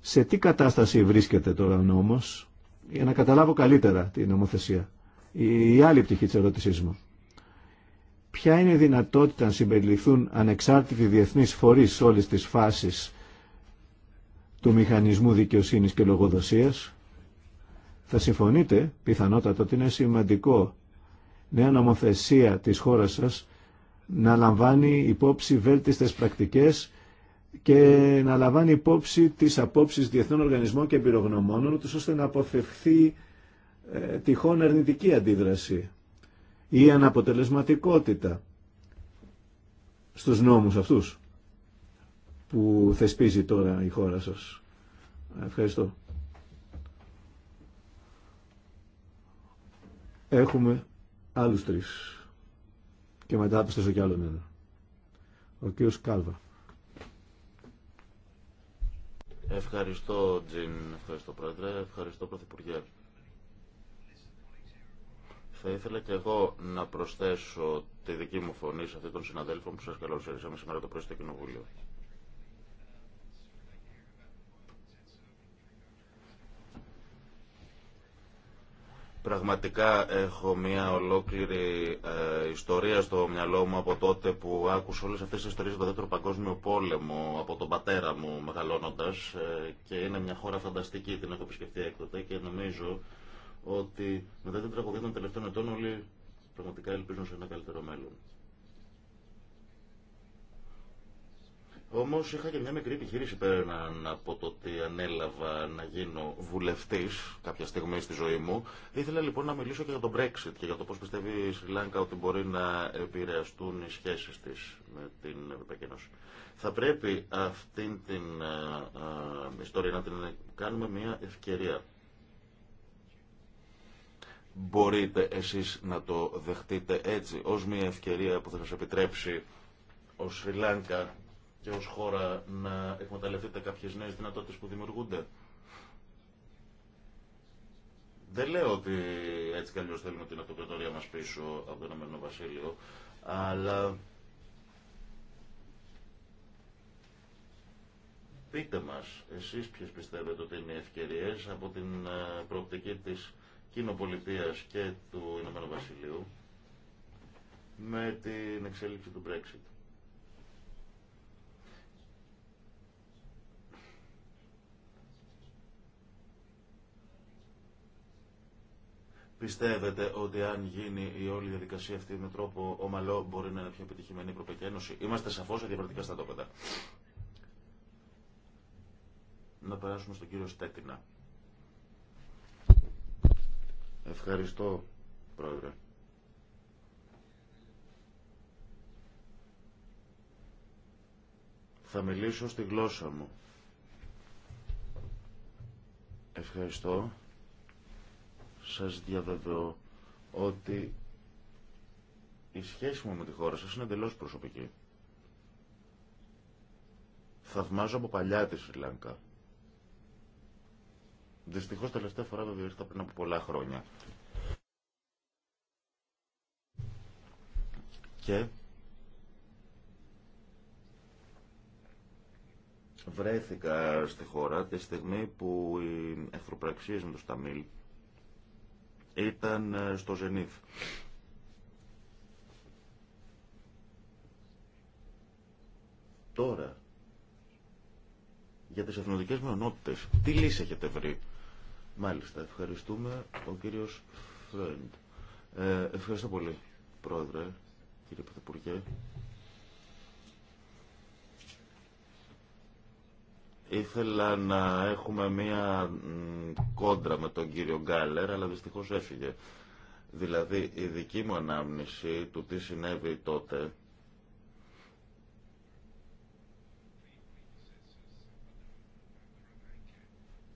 Speaker 4: Σε τι κατάσταση βρίσκεται τώρα ο νόμος, για να καταλάβω καλύτερα τη νομοθεσία. Η, άλλη πτυχή της ερώτησής μου. Ποια είναι η δυνατότητα να συμπεριληφθούν ανεξάρτητοι διεθνείς φορείς σε όλες τις φάσεις του μηχανισμού δικαιοσύνης και λογοδοσίας. Θα συμφωνείτε πιθανότατα ότι είναι σημαντικό νέα νομοθεσία της χώρας σας να λαμβάνει υπόψη βέλτιστες πρακτικές και να λαμβάνει υπόψη τις απόψεις διεθνών οργανισμών και εμπειρογνωμόνων τους ώστε να αποφευχθεί ε, τυχόν αρνητική αντίδραση ή αναποτελεσματικότητα στους νόμους αυτούς που θεσπίζει τώρα η χώρα σας. Ευχαριστώ. Έχουμε άλλους τρεις. Και μετά προσθέσω κι άλλον ένα. Ο κύριος Κάλβα.
Speaker 2: Ευχαριστώ, Τζιν. Ευχαριστώ, Πρόεδρε. Ευχαριστώ, Πρωθυπουργέ. Θα ήθελα και εγώ να προσθέσω τη δική μου φωνή σε αυτή των συναδέλφων που σας καλωσορίσαμε σήμερα το πρωί στο Κοινοβούλιο. Πραγματικά έχω μια ολόκληρη ε, ιστορία στο μυαλό μου από τότε που άκουσα όλες αυτές τις ιστορίες από τον Δεύτερο Παγκόσμιο Πόλεμο, από τον πατέρα μου μεγαλώνοντας ε, και είναι μια χώρα φανταστική, την έχω επισκεφτεί έκτοτε και νομίζω ότι μετά την τραγωδία των τελευταίων ετών όλοι πραγματικά ελπίζουν σε ένα καλύτερο μέλλον. Όμω είχα και μια μικρή επιχείρηση πέραν από το ότι ανέλαβα να γίνω βουλευτή κάποια στιγμή στη ζωή μου. Ήθελα λοιπόν να μιλήσω και για το Brexit και για το πώ πιστεύει η Σρι ότι μπορεί να επηρεαστούν οι σχέσει τη με την Ευρωπαϊκή Ένωση. Θα πρέπει αυτή την ε, ε, ιστορία να την κάνουμε μια ευκαιρία. Μπορείτε εσείς να το δεχτείτε έτσι, ως μια ευκαιρία που θα σας επιτρέψει ο Σρι και ως χώρα να εκμεταλλευτείτε κάποιες νέες δυνατότητες που δημιουργούνται. Δεν λέω ότι έτσι κι αλλιώς θέλουμε την αυτοκρατορία μας πίσω από το Ηνωμένο Βασίλειο, αλλά πείτε μας εσείς ποιες πιστεύετε ότι είναι οι ευκαιρίες από την ε, προοπτική της κοινοπολιτείας και του Ηνωμένου Βασιλείου με την εξέλιξη του Brexit. Πιστεύετε ότι αν γίνει η όλη διαδικασία αυτή με τρόπο ομαλό μπορεί να είναι πιο επιτυχημένη η Ευρωπαϊκή Ένωση. Είμαστε σαφώ σε διαφορετικά στατόπεδα. Να περάσουμε στον κύριο Στέτινα. Ευχαριστώ, Πρόεδρε. Θα μιλήσω στη γλώσσα μου. Ευχαριστώ σας διαβεβαιώ ότι η σχέση μου με τη χώρα σας είναι εντελώς προσωπική. Θαυμάζω από παλιά τη Σρι Λάνκα. Δυστυχώς τελευταία φορά βέβαια ήρθα πριν από πολλά χρόνια. Και βρέθηκα στη χώρα τη στιγμή που οι εχθροπραξίες με τους Ταμίλ ήταν ε, στο Ζενίθ. Τώρα, για τις εθνοτικές μειονότητες, τι λύση έχετε βρει. Μάλιστα, ευχαριστούμε ο κύριος Φρέντ. Ε, ευχαριστώ πολύ, Πρόεδρε, κύριε Πρωθυπουργέ. Ήθελα να έχουμε μία κόντρα με τον κύριο Γκάλερ, αλλά δυστυχώς έφυγε. Δηλαδή, η δική μου ανάμνηση του τι συνέβη τότε,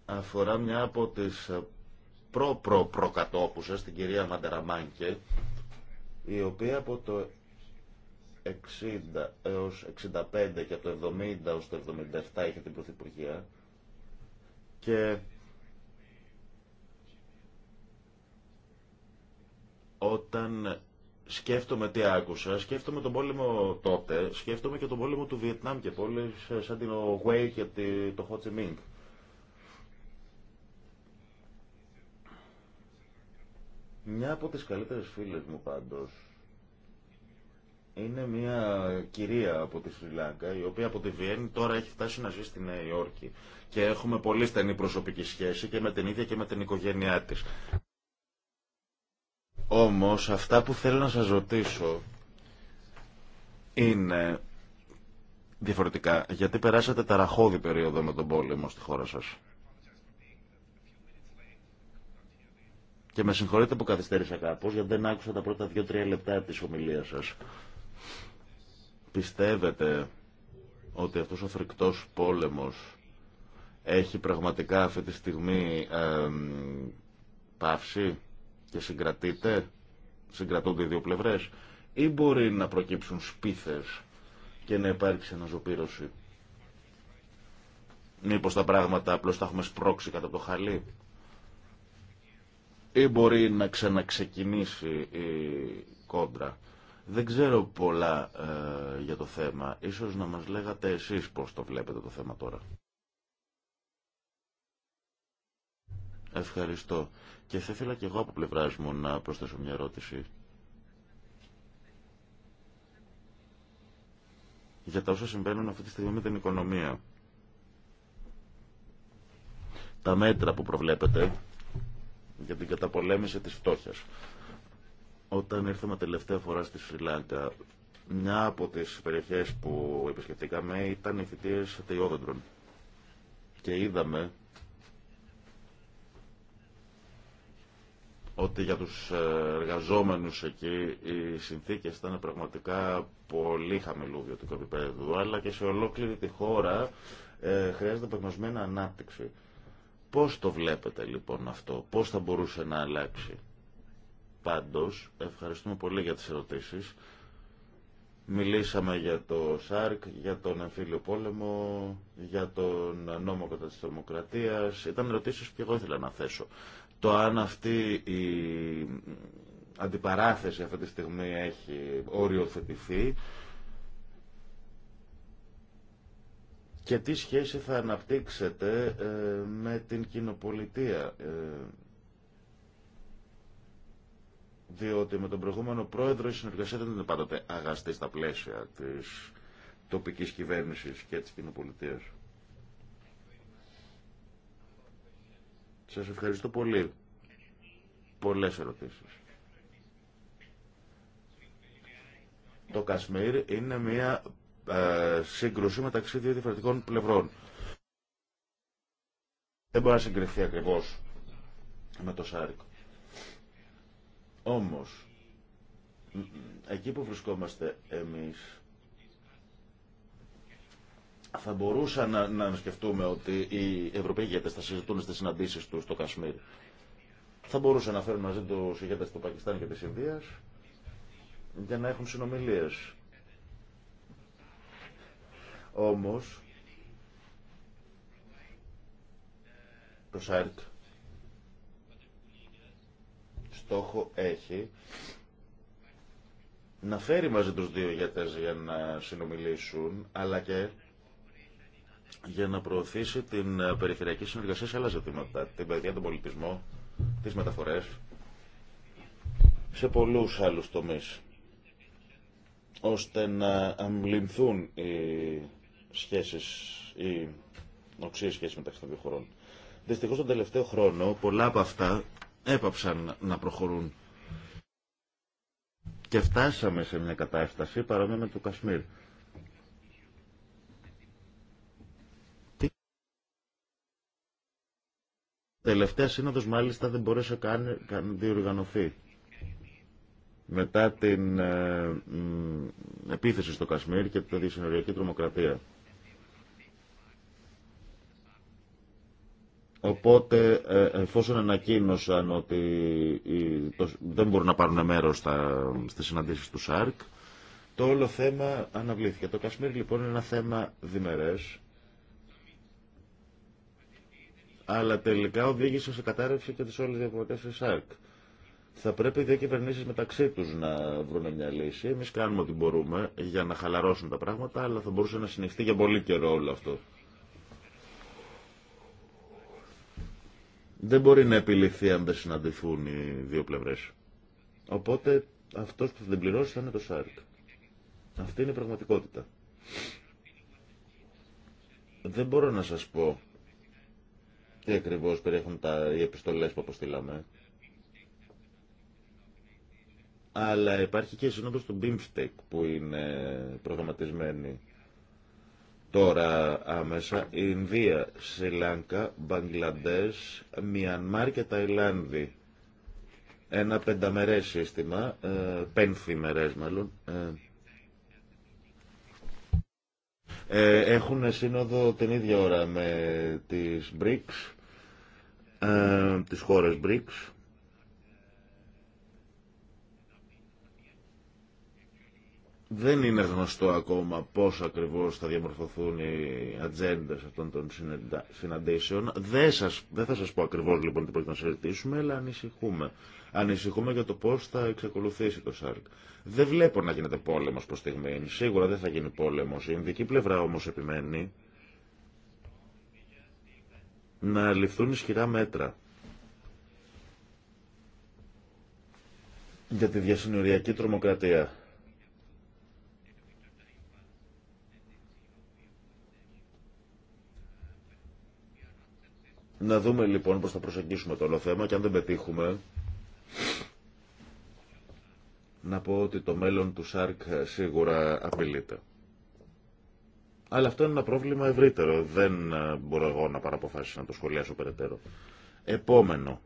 Speaker 2: αφορά μια από τις προ-προ-προκατόπουσες, την κυρία Μαντεραμάνκε, η οποία από το 60 έως 65 και από το 70 έως το 77 είχε την Πρωθυπουργία και όταν σκέφτομαι τι άκουσα, σκέφτομαι τον πόλεμο τότε, σκέφτομαι και τον πόλεμο του Βιετνάμ και πόλεις ε, σαν την Ουέι και το Chi Μια από τις καλύτερες φίλες μου πάντως είναι μια κυρία από τη Φιλάγκα η οποία από τη Βιέννη τώρα έχει φτάσει να ζει στη Νέα Υόρκη. Και έχουμε πολύ στενή προσωπική σχέση και με την ίδια και με την οικογένειά της. Όμως αυτά που θέλω να σας ρωτήσω είναι διαφορετικά. Γιατί περάσατε ταραχώδη περίοδο με τον πόλεμο στη χώρα σας. Και με συγχωρείτε που καθυστέρησα κάπως γιατί δεν άκουσα τα πρώτα 2-3 λεπτά της ομιλίας σας. Πιστεύετε ότι αυτός ο φρικτός πόλεμος έχει πραγματικά αυτή τη στιγμή ε, πάυσει και συγκρατείται, συγκρατούνται οι δύο πλευρές ή μπορεί να προκύψουν σπίθες και να υπάρξει αναζωπήρωση. Μήπως τα πράγματα απλώς τα έχουμε σπρώξει κατά το χαλί ή μπορεί να ξαναξεκινήσει η κόντρα. Δεν ξέρω πολλά ε, για το θέμα. Ίσως να μας λέγατε εσείς πώς το βλέπετε το θέμα τώρα. Ευχαριστώ. Και θα ήθελα και εγώ από πλευρά μου να προσθέσω μια ερώτηση. Για τα όσα συμβαίνουν αυτή τη στιγμή με την οικονομία. Τα μέτρα που προβλέπετε για την καταπολέμηση της φτώχειας. Όταν ήρθαμε τελευταία φορά στη Σιλάνκα, μια από τις περιοχέ που επισκεφτήκαμε ήταν οι θητείε τεϊόδεντρων. Και είδαμε ότι για τους ε, εργαζόμενους εκεί οι συνθήκες ήταν πραγματικά πολύ χαμηλού βιωτικού επίπεδου, αλλά και σε ολόκληρη τη χώρα ε, χρειάζεται προγνωσμένη ανάπτυξη. Πώς το βλέπετε λοιπόν αυτό, πώς θα μπορούσε να αλλάξει. Πάντως, ευχαριστούμε πολύ για τις ερωτήσεις. Μιλήσαμε για το ΣΑΡΚ, για τον εμφύλιο πόλεμο, για τον νόμο κατά της θερμοκρατίας. Ήταν ερωτήσεις που εγώ ήθελα να θέσω. Το αν αυτή η αντιπαράθεση αυτή τη στιγμή έχει οριοθετηθεί και τι σχέση θα αναπτύξετε ε, με την κοινοπολιτεία ε, διότι με τον προηγούμενο πρόεδρο η συνεργασία δεν είναι πάντοτε αγαστή στα πλαίσια της τοπικής κυβέρνησης και τη κοινοπολιτεία. Σα ευχαριστώ πολύ. Πολλές ερωτήσει. Το Κασμίρ είναι μια ε, σύγκρουση μεταξύ δύο διαφορετικών πλευρών. Δεν μπορεί να συγκριθεί ακριβώ. με το Σάρικο. Όμως, εκεί που βρισκόμαστε εμείς, θα μπορούσα να, να σκεφτούμε ότι οι Ευρωπαίοι ηγέτες θα συζητούν στις συναντήσεις τους στο Κασμίρ. Θα μπορούσαν να φέρουν μαζί τους ηγέτες του Πακιστάν και τη Ινδία για να έχουν συνομιλίες. Όμως, το ΣΑΡΤ στόχο έχει να φέρει μαζί τους δύο ηγέτες για να συνομιλήσουν, αλλά και για να προωθήσει την περιφερειακή συνεργασία σε άλλα ζητήματα, την παιδεία, τον πολιτισμό, τις μεταφορές, σε πολλούς άλλους τομείς, ώστε να αμβληνθούν οι σχέσεις, οι οξύες σχέσεις μεταξύ των δύο χωρών. Δυστυχώς τον τελευταίο χρόνο πολλά από αυτά έπαψαν να προχωρούν. Και φτάσαμε σε μια κατάσταση παρόμοια το Κασμίρ. Τελευταία σύνοδος μάλιστα δεν μπορέσε καν να διοργανωθεί. Μετά την ε, επίθεση στο Κασμίρ και τη δυσυνοριακή τρομοκρατία. Οπότε, ε, εφόσον ανακοίνωσαν ότι δεν μπορούν να πάρουν μέρος στα, στις συναντήσεις του ΣΑΡΚ, το όλο θέμα αναβλήθηκε. Το Κασμίρ λοιπόν είναι ένα θέμα διμερές, αλλά τελικά οδήγησε σε κατάρρευση και τις όλες της ΣΑΡΚ. Θα πρέπει οι δύο κυβερνήσεις μεταξύ τους να βρουν μια λύση. Εμεί κάνουμε ό,τι μπορούμε για να χαλαρώσουν τα πράγματα, αλλά θα μπορούσε να συνεχιστεί για πολύ καιρό όλο αυτό. δεν μπορεί να επιληθεί αν δεν συναντηθούν οι δύο πλευρέ. Οπότε αυτός που θα την πληρώσει θα είναι το ΣΑΡΚ. Αυτή είναι η πραγματικότητα. Δεν μπορώ να σας πω τι ακριβώς περιέχουν τα, οι επιστολές που αποστήλαμε. Αλλά υπάρχει και η συνόδος του BIMSTEC που είναι προγραμματισμένη Τώρα άμεσα Ινδία, Σιλάνκα, Μπαγκλαντές, Μιανμάρ και Ταϊλάνδη. Ένα πενταμερές σύστημα, ε, μάλλον, ε. ε, έχουν σύνοδο την ίδια ώρα με τις BRICS, ε, τις χώρες BRICS Δεν είναι γνωστό ακόμα πώς ακριβώς θα διαμορφωθούν οι ατζέντε αυτών των συναντήσεων. Δεν, σας, δεν θα σας πω ακριβώς λοιπόν τι πρόκειται να συζητήσουμε, αλλά ανησυχούμε. Ανησυχούμε για το πώς θα εξακολουθήσει το ΣΑΡΚ. Δεν βλέπω να γίνεται πόλεμος προς στιγμή. Σίγουρα δεν θα γίνει πόλεμος. Η ειδική πλευρά όμως επιμένει να ληφθούν ισχυρά μέτρα. Για τη διασυνοριακή τρομοκρατία Να δούμε λοιπόν πώς θα προσεγγίσουμε το όλο θέμα και αν δεν πετύχουμε να πω ότι το μέλλον του ΣΑΡΚ σίγουρα απειλείται. Αλλά αυτό είναι ένα πρόβλημα ευρύτερο. Δεν μπορώ εγώ να παραποφάσω να το σχολιάσω περαιτέρω. Επόμενο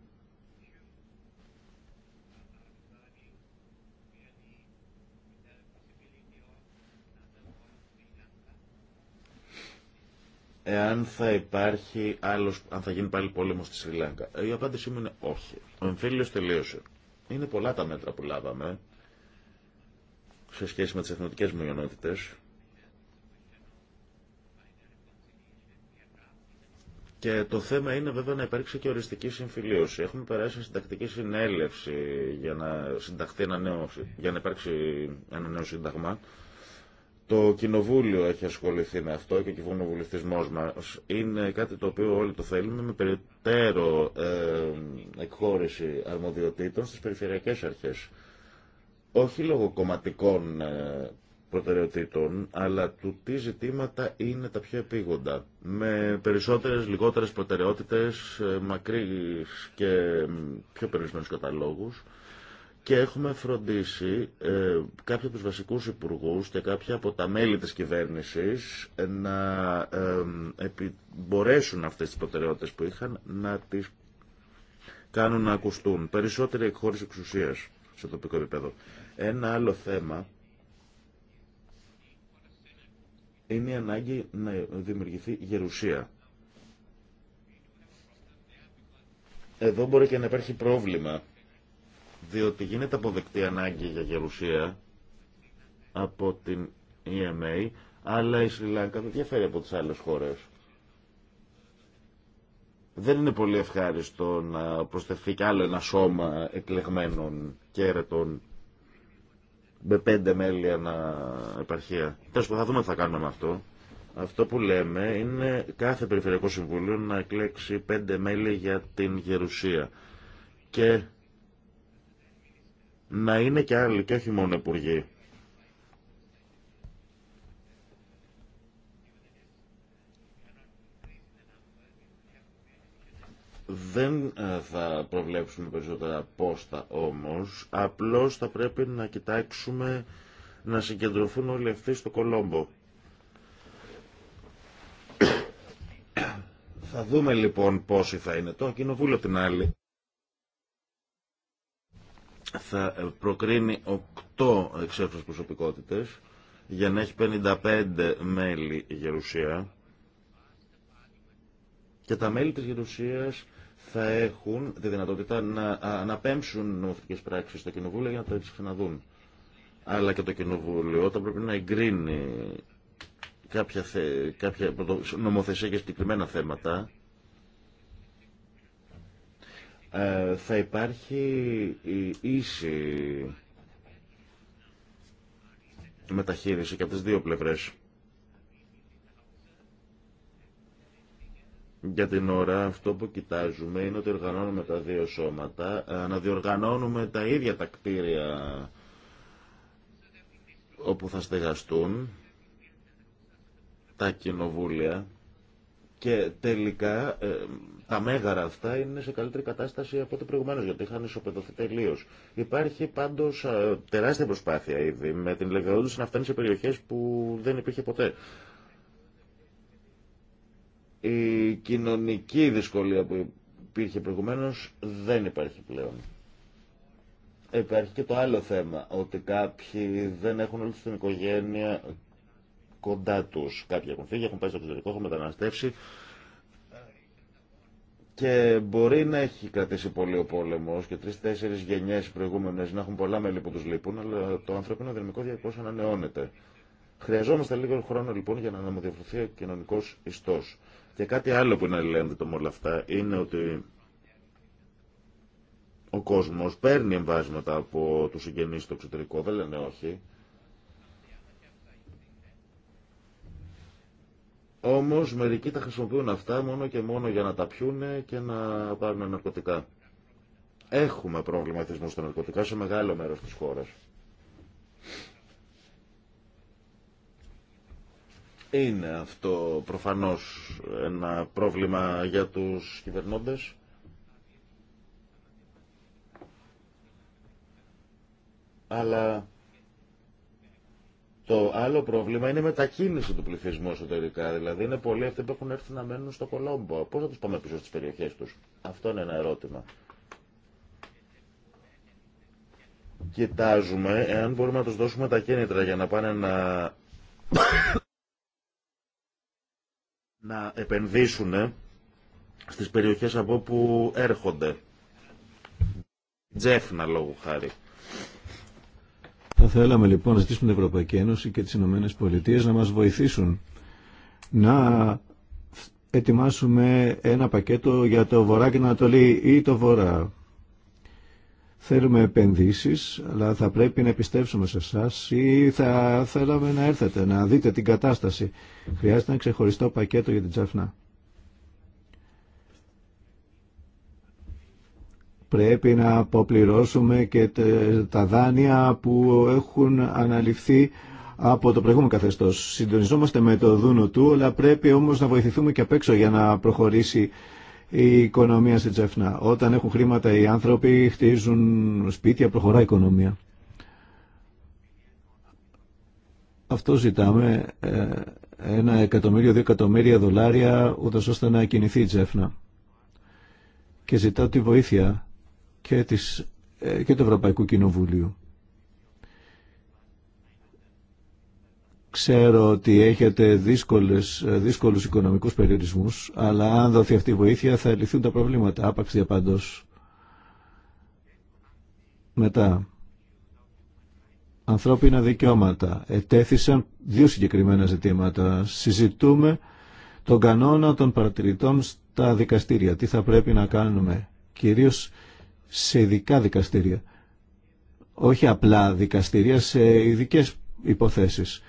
Speaker 2: εάν θα υπάρχει άλλος, αν θα γίνει πάλι πόλεμο στη Σρι Λάγκα. Η απάντησή μου είναι όχι. Ο εμφύλιος τελείωσε. Είναι πολλά τα μέτρα που λάβαμε σε σχέση με τις εθνοτικές μειονότητες Και το θέμα είναι βέβαια να υπάρξει και οριστική συμφιλίωση. Έχουμε περάσει συντακτική συνέλευση για να συνταχθεί ένα νέο, για να υπάρξει ένα νέο σύνταγμα. Το Κοινοβούλιο έχει ασχοληθεί με αυτό και ο κοινοβουλευτισμό μα. Είναι κάτι το οποίο όλοι το θέλουμε με περαιτέρω ε, εκχώρηση αρμοδιοτήτων στι περιφερειακέ αρχέ. Όχι λόγω κομματικών ε, προτεραιοτήτων, αλλά του τι ζητήματα είναι τα πιο επίγοντα. Με περισσότερες, λιγότερες προτεραιότητες, ε, μακρύ και πιο περιορισμένου καταλόγου και έχουμε φροντίσει ε, κάποιοι από τους βασικούς υπουργούς και κάποια από τα μέλη της κυβέρνησης να ε, επι, μπορέσουν αυτές τις προτεραιότητες που είχαν να τις κάνουν να ακουστούν. Περισσότερη εκχώρηση εξουσίας σε τοπικό επίπεδο. Ένα άλλο θέμα είναι η ανάγκη να δημιουργηθεί γερουσία. Εδώ μπορεί και να υπάρχει πρόβλημα διότι γίνεται αποδεκτή ανάγκη για γερουσία από την EMA, αλλά η Λάγκα δεν διαφέρει από τις άλλες χώρες. Δεν είναι πολύ ευχάριστο να προσθεθεί κι άλλο ένα σώμα εκλεγμένων και με πέντε μέλη ανά επαρχία. Τέλος θα δούμε τι θα κάνουμε με αυτό. Αυτό που λέμε είναι κάθε Περιφερειακό Συμβούλιο να εκλέξει πέντε μέλη για την Γερουσία. Και να είναι και άλλοι και όχι μόνο υπουργοί. Δεν ε, θα προβλέψουμε περισσότερα πόστα όμως, απλώς θα πρέπει να κοιτάξουμε να συγκεντρωθούν όλοι αυτοί στο Κολόμπο. θα δούμε λοιπόν πόσοι θα είναι το κοινοβούλιο την άλλη θα προκρίνει 8 εξέφρες προσωπικότητες για να έχει 55 μέλη γερουσία και τα μέλη της γερουσίας θα έχουν τη δυνατότητα να αναπέμψουν νομοθετικές πράξεις στο Κοινοβούλιο για να τα ξαναδούν. Αλλά και το Κοινοβούλιο όταν πρέπει να εγκρίνει κάποια, κάποια νομοθεσία για συγκεκριμένα θέματα ε, θα υπάρχει η ίση μεταχείριση και από τις δύο πλευρές. Για την ώρα αυτό που κοιτάζουμε είναι ότι οργανώνουμε τα δύο σώματα, ε, διοργανώνουμε τα ίδια τα κτίρια όπου θα στεγαστούν, τα κοινοβούλια και τελικά ε, τα μέγαρα αυτά είναι σε καλύτερη κατάσταση από ό,τι προηγουμένω, γιατί είχαν ισοπεδωθεί τελείω. Υπάρχει πάντω ε, τεράστια προσπάθεια ήδη με την λεγαόντωση να φτάνει σε περιοχέ που δεν υπήρχε ποτέ. Η κοινωνική δυσκολία που υπήρχε προηγουμένω δεν υπάρχει πλέον. Υπάρχει και το άλλο θέμα, ότι κάποιοι δεν έχουν όλη την οικογένεια κοντά του. Κάποιοι έχουν φύγει, έχουν πάει στο εξωτερικό, έχουν μεταναστεύσει και μπορεί να έχει κρατήσει πολύ ο πόλεμο και τρει-τέσσερι γενιέ προηγούμενε να έχουν πολλά μέλη που του λείπουν, αλλά το ανθρώπινο δυναμικό διαρκώ ανανεώνεται. Χρειαζόμαστε λίγο χρόνο λοιπόν για να αναμοδιαφερθεί ο κοινωνικό ιστό. Και κάτι άλλο που είναι αλληλένδετο με όλα αυτά είναι ότι ο κόσμο παίρνει εμβάσματα από του συγγενεί στο εξωτερικό, δεν λένε όχι. Όμως μερικοί τα χρησιμοποιούν αυτά μόνο και μόνο για να τα πιούνε και να πάρουν ναρκωτικά. Έχουμε πρόβλημα προβληματισμό στα ναρκωτικά σε μεγάλο μέρος της χώρας. Είναι αυτό προφανώς ένα πρόβλημα για τους κυβερνώντες. Αλλά το άλλο πρόβλημα είναι η μετακίνηση του πληθυσμού εσωτερικά. Δηλαδή είναι πολλοί αυτοί που έχουν έρθει να μένουν στο Κολόμπο. Πώ θα του πάμε πίσω στι περιοχέ του, Αυτό είναι ένα ερώτημα. Κοιτάζουμε εάν μπορούμε να του δώσουμε τα κίνητρα για να πάνε να. να επενδύσουν στις περιοχές από όπου έρχονται. Τζέφνα λόγου χάρη.
Speaker 4: Θα θέλαμε λοιπόν να ζητήσουμε την Ευρωπαϊκή Ένωση και τις Ηνωμένε Πολιτείε να μας βοηθήσουν να ετοιμάσουμε ένα πακέτο για το Βορρά και την Ανατολή ή το Βορρά. Θέλουμε επενδύσεις, αλλά θα πρέπει να επιστρέψουμε σε εσά ή θα θέλαμε να έρθετε, να δείτε την κατάσταση. Χρειάζεται ένα ξεχωριστό πακέτο για την Τζαφνά. πρέπει να αποπληρώσουμε και τα δάνεια που έχουν αναλυφθεί από το προηγούμενο καθεστώ. Συντονιζόμαστε με το δούνο του, αλλά πρέπει όμω να βοηθηθούμε και απ' έξω για να προχωρήσει η οικονομία σε τσεφνά. Όταν έχουν χρήματα οι άνθρωποι, χτίζουν σπίτια, προχωρά η οικονομία. Αυτό ζητάμε, ε, ένα εκατομμύριο, δύο εκατομμύρια δολάρια, ούτω ώστε να κινηθεί η τσέφνα. Και ζητάω τη βοήθεια και, της, ε, και του Ευρωπαϊκού Κοινοβουλίου. Ξέρω ότι έχετε δύσκολες, ε, δύσκολους οικονομικούς περιορισμούς, αλλά αν δοθεί αυτή η βοήθεια θα λυθούν τα προβλήματα, άπαξ διαπάντως. Μετά, ανθρώπινα δικαιώματα. Ετέθησαν δύο συγκεκριμένα ζητήματα. Συζητούμε τον κανόνα των παρατηρητών στα δικαστήρια. Τι θα πρέπει να κάνουμε. Κυρίως σε ειδικά δικαστήρια. Όχι απλά δικαστήρια, σε ειδικέ υποθέσεις.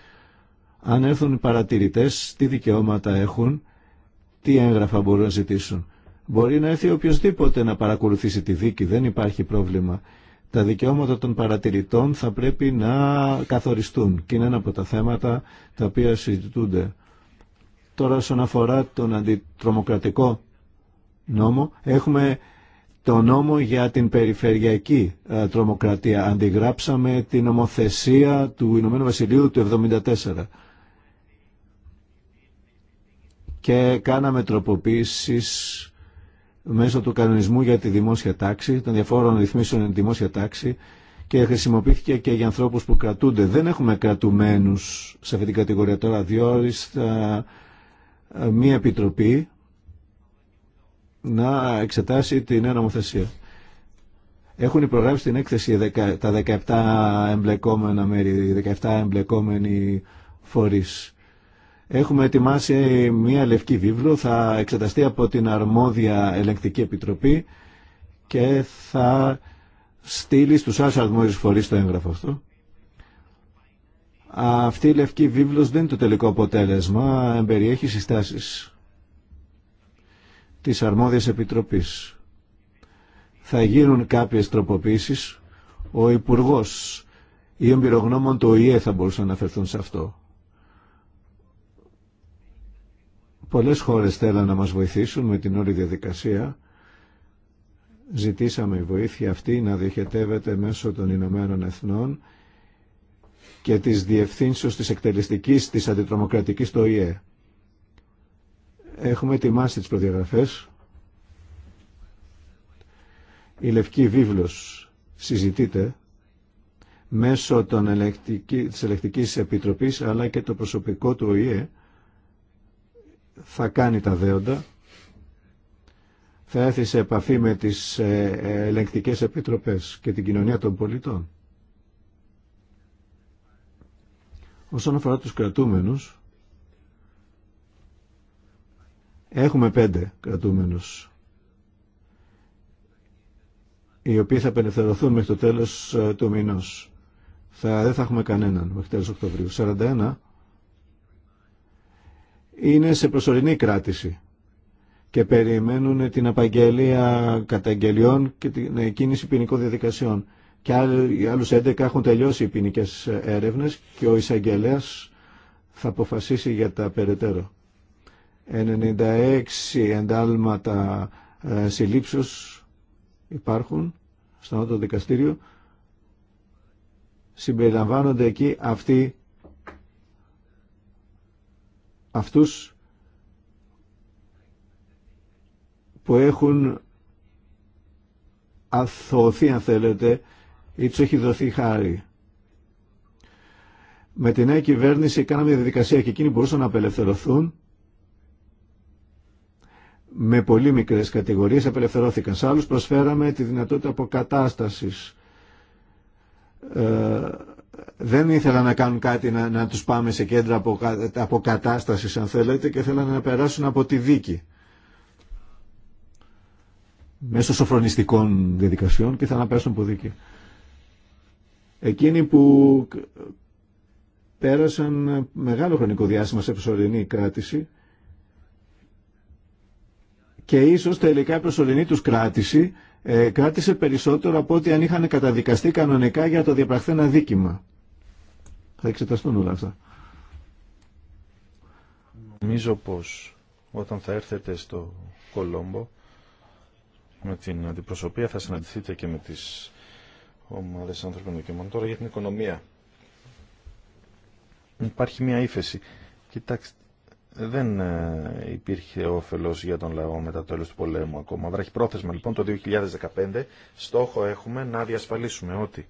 Speaker 4: Αν έρθουν οι παρατηρητές, τι δικαιώματα έχουν, τι έγγραφα μπορούν να ζητήσουν. Μπορεί να έρθει οποιοδήποτε να παρακολουθήσει τη δίκη, δεν υπάρχει πρόβλημα. Τα δικαιώματα των παρατηρητών θα πρέπει να καθοριστούν και είναι ένα από τα θέματα τα οποία συζητούνται. Τώρα, όσον αφορά τον αντιτρομοκρατικό νόμο, έχουμε το νόμο για την περιφερειακή ε, τρομοκρατία. Αντιγράψαμε την νομοθεσία του Ηνωμένου Βασιλείου του 1974 και κάναμε τροποποίησεις μέσω του κανονισμού για τη δημόσια τάξη, των διαφόρων ρυθμίσεων για τη δημόσια τάξη και χρησιμοποιήθηκε και για ανθρώπους που κρατούνται. Δεν έχουμε κρατουμένους σε αυτή την κατηγορία τώρα, διόριστα ε, μία επιτροπή να εξετάσει την νέα νομοθεσία. Έχουν υπογράψει στην έκθεση τα 17 εμπλεκόμενα μέρη, 17 εμπλεκόμενοι φορείς. Έχουμε ετοιμάσει μία λευκή βίβλο, θα εξεταστεί από την αρμόδια ελεγκτική επιτροπή και θα στείλει στους άλλους αρμόδιους φορείς το έγγραφο αυτό. Αυτή η λευκή βίβλος δεν είναι το τελικό αποτέλεσμα, εμπεριέχει συστάσεις της αρμόδιας επιτροπής. Θα γίνουν κάποιες τροποποίησεις. Ο Υπουργός ή εμπειρογνώμων του ΟΗΕ θα μπορούσαν να αναφερθούν σε αυτό. Πολλές χώρες θέλαν να μας βοηθήσουν με την όλη διαδικασία. Ζητήσαμε η βοήθεια αυτή να διοχετεύεται μέσω των Ηνωμένων Εθνών και της διευθύνσεως της εκτελεστικής της αντιτρομοκρατικής του ΟΗΕ. Έχουμε ετοιμάσει τις προδιαγραφές. Η Λευκή Βίβλος συζητείται μέσω των ελεκτική, της Ελεκτικής Επιτροπής αλλά και το προσωπικό του ΟΗΕ θα κάνει τα δέοντα. Θα έρθει σε επαφή με τις ε, ε, Ελεκτικές επιτροπές και την κοινωνία των πολιτών. Όσον αφορά τους κρατούμενους, Έχουμε πέντε κρατούμενους οι οποίοι θα απελευθερωθούν μέχρι το τέλος ε, του μηνός. Θα, δεν θα έχουμε κανέναν μέχρι τέλος Οκτωβρίου. 41 είναι σε προσωρινή κράτηση και περιμένουν την απαγγελία καταγγελιών και την ε, κίνηση ποινικών διαδικασιών. Και άλλους 11 έχουν τελειώσει οι ποινικέ ε, έρευνες και ο εισαγγελέας θα αποφασίσει για τα περαιτέρω. 96 εντάλματα ε, συλλήψεως υπάρχουν στο νότο δικαστήριο. Συμπεριλαμβάνονται εκεί αυτοί αυτούς που έχουν αθωωθεί αν θέλετε ή τους έχει δοθεί χάρη. Με τη νέα κυβέρνηση κάναμε διαδικασία και εκείνοι μπορούσαν να απελευθερωθούν με πολύ μικρές κατηγορίες απελευθερώθηκαν. Σε άλλους προσφέραμε τη δυνατότητα αποκατάστασης. Ε, δεν ήθελαν να κάνουν κάτι να, να τους πάμε σε κέντρα αποκατάστασης αν θέλετε και θέλανε να περάσουν από τη δίκη μέσω σοφρονιστικών διαδικασιών και θα να πέσουν από δίκη. Εκείνοι που πέρασαν μεγάλο χρονικό διάστημα σε προσωρινή κράτηση και ίσως τελικά η προσωρινή του κράτηση ε, κράτησε περισσότερο από ότι αν είχαν καταδικαστεί κανονικά για το διαπραχθένα δίκημα. Θα εξεταστούν όλα αυτά.
Speaker 1: Νομίζω πως όταν θα έρθετε στο Κολόμπο με την αντιπροσωπεία θα συναντηθείτε και με τις ομάδες άνθρωπινων δικαιωμάτων. Τώρα για την οικονομία. Υπάρχει μια ύφεση. Κοιτάξτε, δεν ε, υπήρχε όφελος για τον λαό μετά το τέλος του πολέμου ακόμα. πρόθεσμα λοιπόν το 2015 στόχο έχουμε να διασφαλίσουμε ότι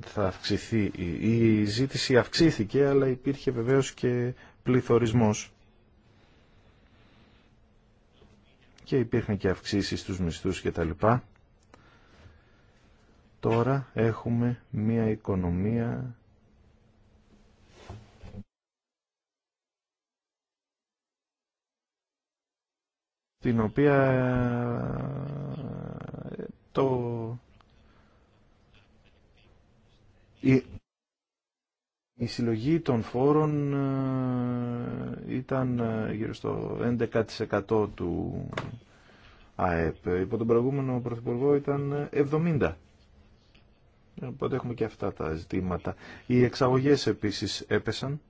Speaker 1: θα αυξηθεί. Η ζήτηση αυξήθηκε αλλά υπήρχε βεβαίως και πληθωρισμός. Και υπήρχαν και αυξήσεις στους μισθούς και τα λοιπά. Τώρα έχουμε μια οικονομία την οποία ε, το... Η... Η συλλογή των φόρων ε, ήταν ε, γύρω στο 11% του ΑΕΠ. Υπό τον προηγούμενο Πρωθυπουργό ήταν 70%. Οπότε έχουμε και αυτά τα ζητήματα. Οι εξαγωγές επίσης έπεσαν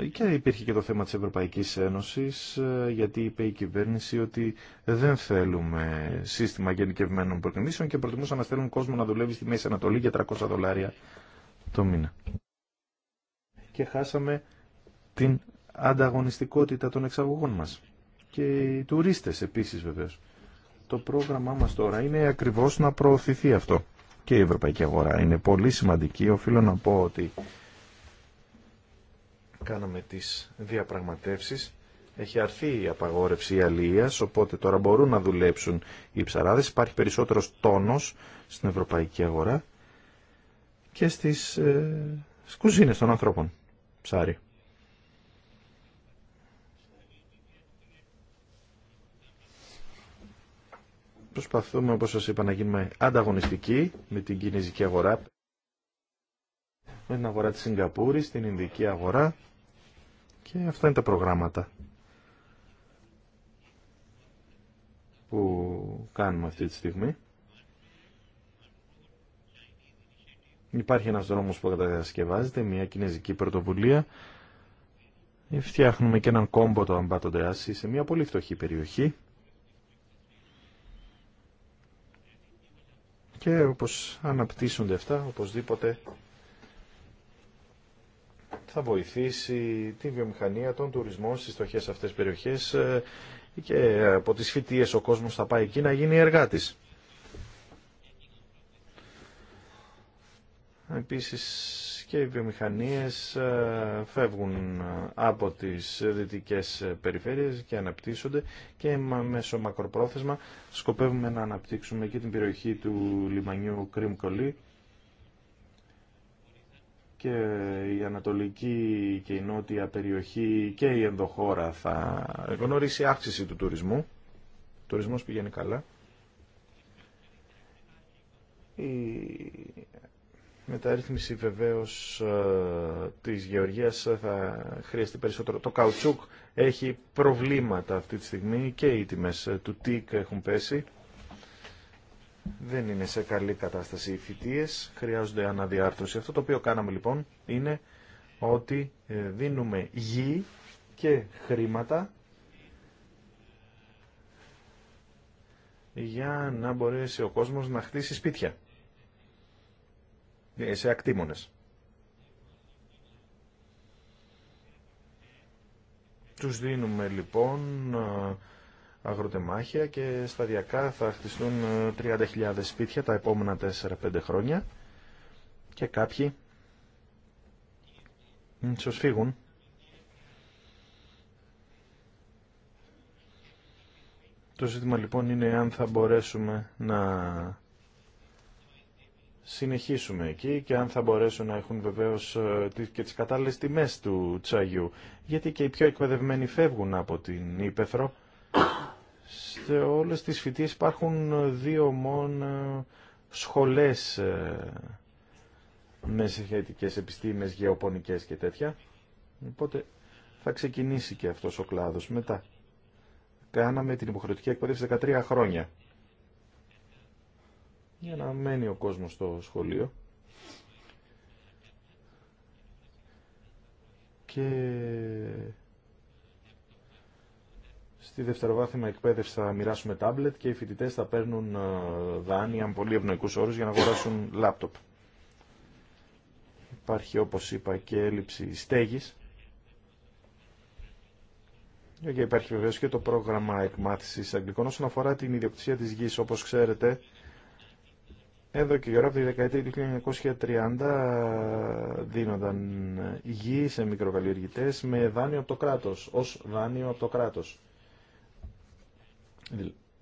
Speaker 1: ε, και υπήρχε και το θέμα της Ευρωπαϊκής Ένωσης, ε, γιατί είπε η κυβέρνηση ότι δεν θέλουμε σύστημα γενικευμένων προτιμήσεων και προτιμούσαν να στέλνουν κόσμο να δουλεύει στη Μέση Ανατολή για 300 δολάρια το μήνα. Και χάσαμε την ανταγωνιστικότητα των εξαγωγών μας. Και οι τουρίστες επίσης βεβαίως. Το πρόγραμμά μας τώρα είναι ακριβώς να προωθηθεί αυτό. Και η ευρωπαϊκή αγορά είναι πολύ σημαντική. Οφείλω να πω ότι κάναμε τις διαπραγματεύσεις έχει αρθεί η απαγόρευση αλίας, οπότε τώρα μπορούν να δουλέψουν οι ψαράδες. Υπάρχει περισσότερος τόνος στην ευρωπαϊκή αγορά και στις, ε, κουζίνες των ανθρώπων. Ψάρι. Προσπαθούμε, όπως σας είπα, να γίνουμε ανταγωνιστικοί με την κινέζικη αγορά, με την αγορά της Σιγκαπούρης, την Ινδική αγορά και αυτά είναι τα προγράμματα που κάνουμε αυτή τη στιγμή. Υπάρχει ένας δρόμος που κατασκευάζεται, μια κινέζικη πρωτοβουλία. Φτιάχνουμε και έναν κόμπο το Αμπάτο Ντεάσι σε μια πολύ φτωχή περιοχή. Και όπως αναπτύσσονται αυτά, οπωσδήποτε θα βοηθήσει τη βιομηχανία, των τουρισμών στις στοχές αυτές τις περιοχές ε, και από τις φοιτίες ο κόσμος θα πάει εκεί να γίνει εργάτης. Επίσης και οι βιομηχανίες ε, φεύγουν ε, από τις δυτικές περιφέρειες και αναπτύσσονται και μέσω μακροπρόθεσμα σκοπεύουμε να αναπτύξουμε και την περιοχή του λιμανιού Κρυμκολή και η ανατολική και η νότια περιοχή και η ενδοχώρα θα γνωρίσει αύξηση του τουρισμού. Ο τουρισμός πηγαίνει καλά. Η μεταρρύθμιση βεβαίως ε, της γεωργίας θα χρειαστεί περισσότερο. Το καουτσούκ έχει προβλήματα αυτή τη στιγμή και οι τιμές του τικ έχουν πέσει δεν είναι σε καλή κατάσταση οι φοιτίες, χρειάζονται αναδιάρθρωση. Αυτό το οποίο κάναμε λοιπόν είναι ότι ε, δίνουμε γη και χρήματα για να μπορέσει ο κόσμος να χτίσει σπίτια ε, σε ακτήμονες. Τους δίνουμε λοιπόν αγροτεμάχια και σταδιακά θα χτιστούν 30.000 ε, σπίτια τα επόμενα 4-5 χρόνια και κάποιοι ίσως φύγουν. Το ζήτημα λοιπόν είναι αν θα μπορέσουμε να συνεχίσουμε εκεί και αν θα μπορέσουν να έχουν βεβαίως ε, και τις κατάλληλες τιμές του τσαγιού. Γιατί και οι πιο εκπαιδευμένοι φεύγουν από την Ήπεθρο σε όλες τις φοιτίες υπάρχουν δύο μόνο ε, σχολές ε, με σχετικές επιστήμες, γεωπονικές και τέτοια. Οπότε θα ξεκινήσει και αυτός ο κλάδος μετά. Κάναμε την υποχρεωτική εκπαίδευση 13 χρόνια. Για να μένει ο κόσμος στο σχολείο. Και Στη δευτεροβάθμια εκπαίδευση θα μοιράσουμε τάμπλετ και οι φοιτητέ θα παίρνουν ε, δάνεια με πολύ ευνοϊκού όρου για να αγοράσουν λάπτοπ. Υπάρχει όπω είπα και έλλειψη στέγη. Και υπάρχει βεβαίω και το πρόγραμμα εκμάθηση αγγλικών όσον αφορά την ιδιοκτησία τη γη. Όπω ξέρετε, εδώ και γύρω από τη δεκαετία του 1930 δίνονταν γη σε μικροκαλλιεργητές με δάνειο από το κράτο, ω δάνειο από το κράτο.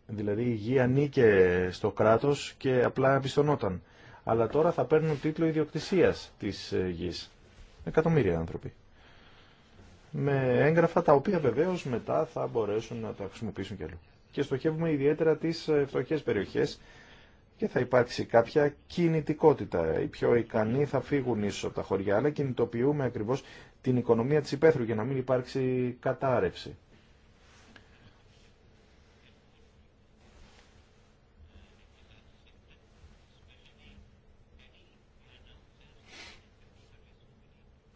Speaker 1: Δηλαδή η γη ανήκε στο κράτος και απλά εμπιστονόταν. Αλλά τώρα θα παίρνουν τίτλο ιδιοκτησίας της ε, γης. Εκατομμύρια άνθρωποι. Με έγγραφα τα οποία βεβαίως μετά θα μπορέσουν να τα χρησιμοποιήσουν κι άλλο. Και στοχεύουμε ιδιαίτερα τις ε, φτωχές περιοχές και θα υπάρξει κάποια κινητικότητα. Οι πιο ικανοί θα φύγουν ίσως από τα χωριά, αλλά κινητοποιούμε ακριβώς την οικονομία της υπαίθρου για να μην υπάρξει κατάρρευση.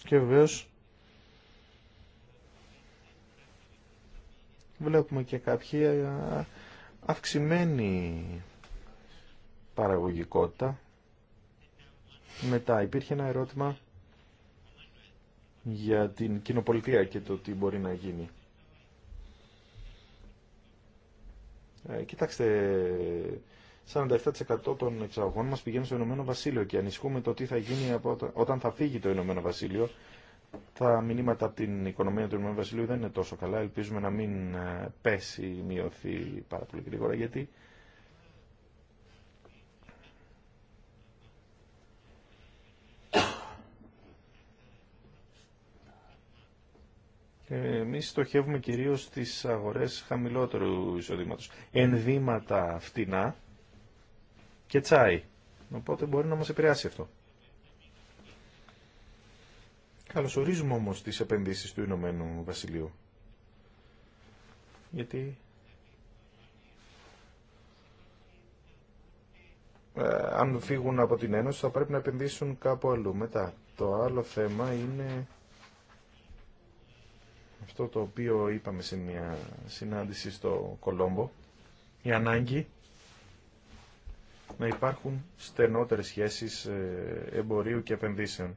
Speaker 1: Και βεβαίω βλέπουμε και κάποια αυξημένη παραγωγικότητα. Μετά υπήρχε ένα ερώτημα για την κοινοπολιτεία και το τι μπορεί να γίνει. Ε, κοιτάξτε, 47% των εξαγωγών μας πηγαίνουν στο Ηνωμένο Βασίλειο και ανησυχούμε το τι θα γίνει όταν θα φύγει το Ηνωμένο Βασίλειο. Τα μηνύματα από την οικονομία του Ηνωμένου Βασιλείου δεν είναι τόσο καλά. Ελπίζουμε να μην ε, πέσει ή μειωθεί πάρα πολύ γρήγορα γιατί Εμείς στοχεύουμε κυρίως στις αγορές χαμηλότερου εισοδήματος. Ενδύματα φτηνά, και τσάι. Οπότε μπορεί να μας επηρεάσει αυτό. Καλωσορίζουμε όμως τις επενδύσεις του Ηνωμένου Βασιλείου. Γιατί ε, αν φύγουν από την Ένωση θα πρέπει να επενδύσουν κάπου αλλού. Μετά το άλλο θέμα είναι αυτό το οποίο είπαμε σε μια συνάντηση στο Κολόμπο. Η ανάγκη να υπάρχουν στενότερες σχέσεις ε, εμπορίου και επενδύσεων.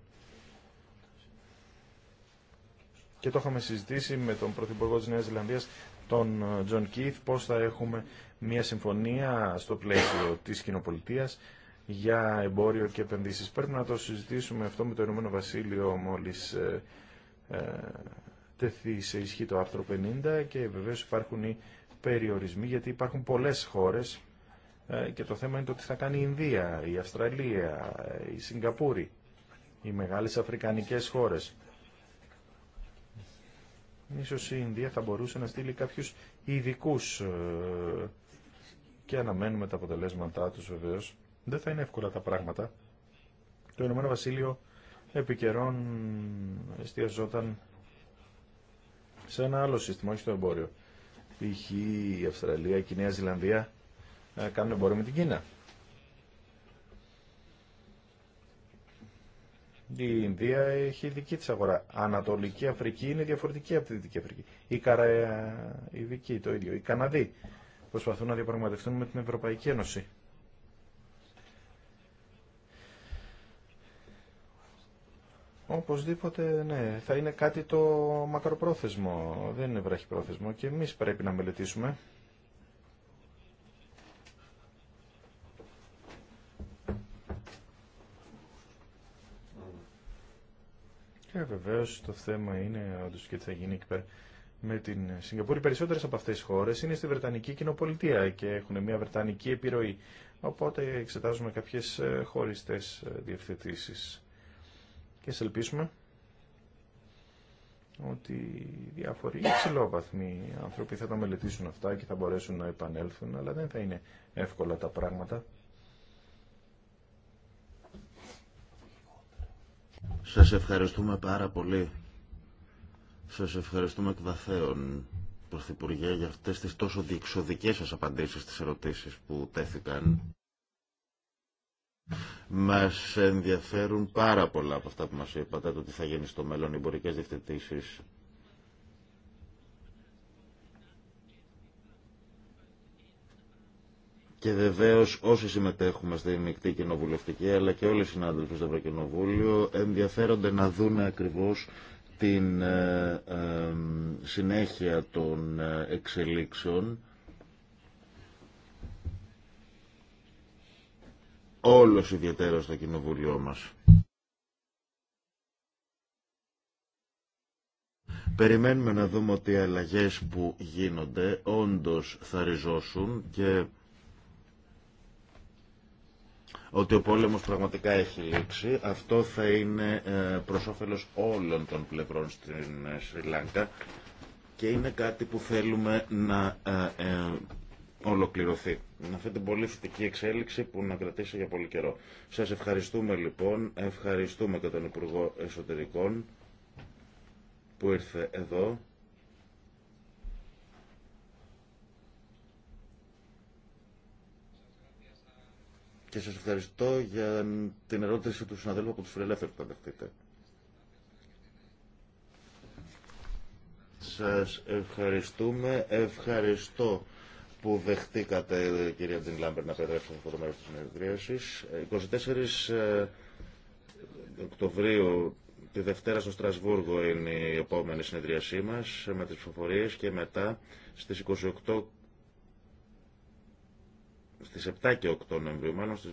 Speaker 1: Και το είχαμε συζητήσει με τον Πρωθυπουργό της Νέας Ζηλανδίας, τον ε, Τζον Κίθ, πώς θα έχουμε μια συμφωνία στο πλαίσιο της κοινοπολιτείας για εμπόριο και επενδύσεις. Πρέπει να το συζητήσουμε αυτό με το Ηνωμένο Βασίλειο μόλις ε, τεθεί σε ισχύ το άρθρο 50 και βεβαίως υπάρχουν οι περιορισμοί γιατί υπάρχουν πολλές χώρες ε, και το θέμα είναι το τι θα κάνει η Ινδία, η Αυστραλία, η Σιγκαπούρη, οι μεγάλες αφρικανικές χώρες. Ίσως η Ινδία θα μπορούσε να στείλει κάποιους ειδικού ε, και αναμένουμε τα αποτελέσματά τους βεβαίω. Δεν θα είναι εύκολα τα πράγματα. Το Ηνωμένο Βασίλειο επί καιρών εστιαζόταν σε ένα άλλο σύστημα, όχι στο εμπόριο. Π.χ. η Αυστραλία η Νέα Ζηλανδία κάνουν εμπόριο με την Κίνα. Η Ινδία έχει δική της αγορά. Ανατολική Αφρική είναι διαφορετική από τη Δυτική Αφρική. Η Καραϊβική το ίδιο. Οι Καναδοί προσπαθούν να διαπραγματευτούν με την Ευρωπαϊκή Ένωση. Οπωσδήποτε, ναι, θα είναι κάτι το μακροπρόθεσμο, δεν είναι βραχυπρόθεσμο και εμείς πρέπει να μελετήσουμε Βεβαίω το θέμα είναι όντω και τι θα γίνει πέρα με την Σιγκαπούρη. Περισσότερες από αυτές τι χώρες είναι στη Βρετανική κοινοπολιτεία και έχουν μια Βρετανική επιρροή. Οπότε εξετάζουμε κάποιες ε, χωριστέ ε, διευθετήσεις. Και σε ελπίσουμε ότι διάφοροι υψηλόβαθμοι άνθρωποι θα τα μελετήσουν αυτά και θα μπορέσουν να επανέλθουν, αλλά δεν θα είναι εύκολα τα πράγματα.
Speaker 2: Σας ευχαριστούμε πάρα πολύ. Σας ευχαριστούμε εκ βαθέων, Πρωθυπουργέ, για αυτές τις τόσο διεξοδικές σας απαντήσεις στις ερωτήσεις που τέθηκαν. Μας ενδιαφέρουν πάρα πολλά από αυτά που μας είπατε, το τι θα γίνει στο μέλλον, οι εμπορικές διευθετήσεις Και βεβαίω όσοι συμμετέχουμε στη μεικτή κοινοβουλευτική αλλά και όλοι οι συνάδελφοι στο Ευρωκοινοβούλιο ενδιαφέρονται να δούνε ακριβώ την ε, ε, συνέχεια των ε, εξελίξεων όλος ιδιαίτερα στο κοινοβούλιο μας. Περιμένουμε να δούμε ότι οι αλλαγές που γίνονται όντως θα ριζώσουν και ότι ο πόλεμος πραγματικά έχει λήξει. Αυτό θα είναι ε, προς όφελος όλων των πλευρών στην ε, Σρι και είναι κάτι που θέλουμε να ε, ολοκληρωθεί. αυτή την πολύ θετική εξέλιξη που να κρατήσει για πολύ καιρό. Σας ευχαριστούμε λοιπόν, ευχαριστούμε και τον Υπουργό Εσωτερικών που ήρθε εδώ Και σας ευχαριστώ για την ερώτηση του συναδέλφου από τους φιλελεύθερους που θα δεχτείτε. Σας ευχαριστούμε. Ευχαριστώ που δεχτήκατε, κυρία Τζιν Λάμπερ, να πέτρεψε αυτό το μέρος της συνεδρίασης. 24 ε, ε, Οκτωβρίου, τη Δευτέρα στο Στρασβούργο είναι η επόμενη συνεδρίασή μας, με τις ψηφοφορίες και μετά στις 28 στις 7 και 8 Νοεμβρίου, μάλλον στις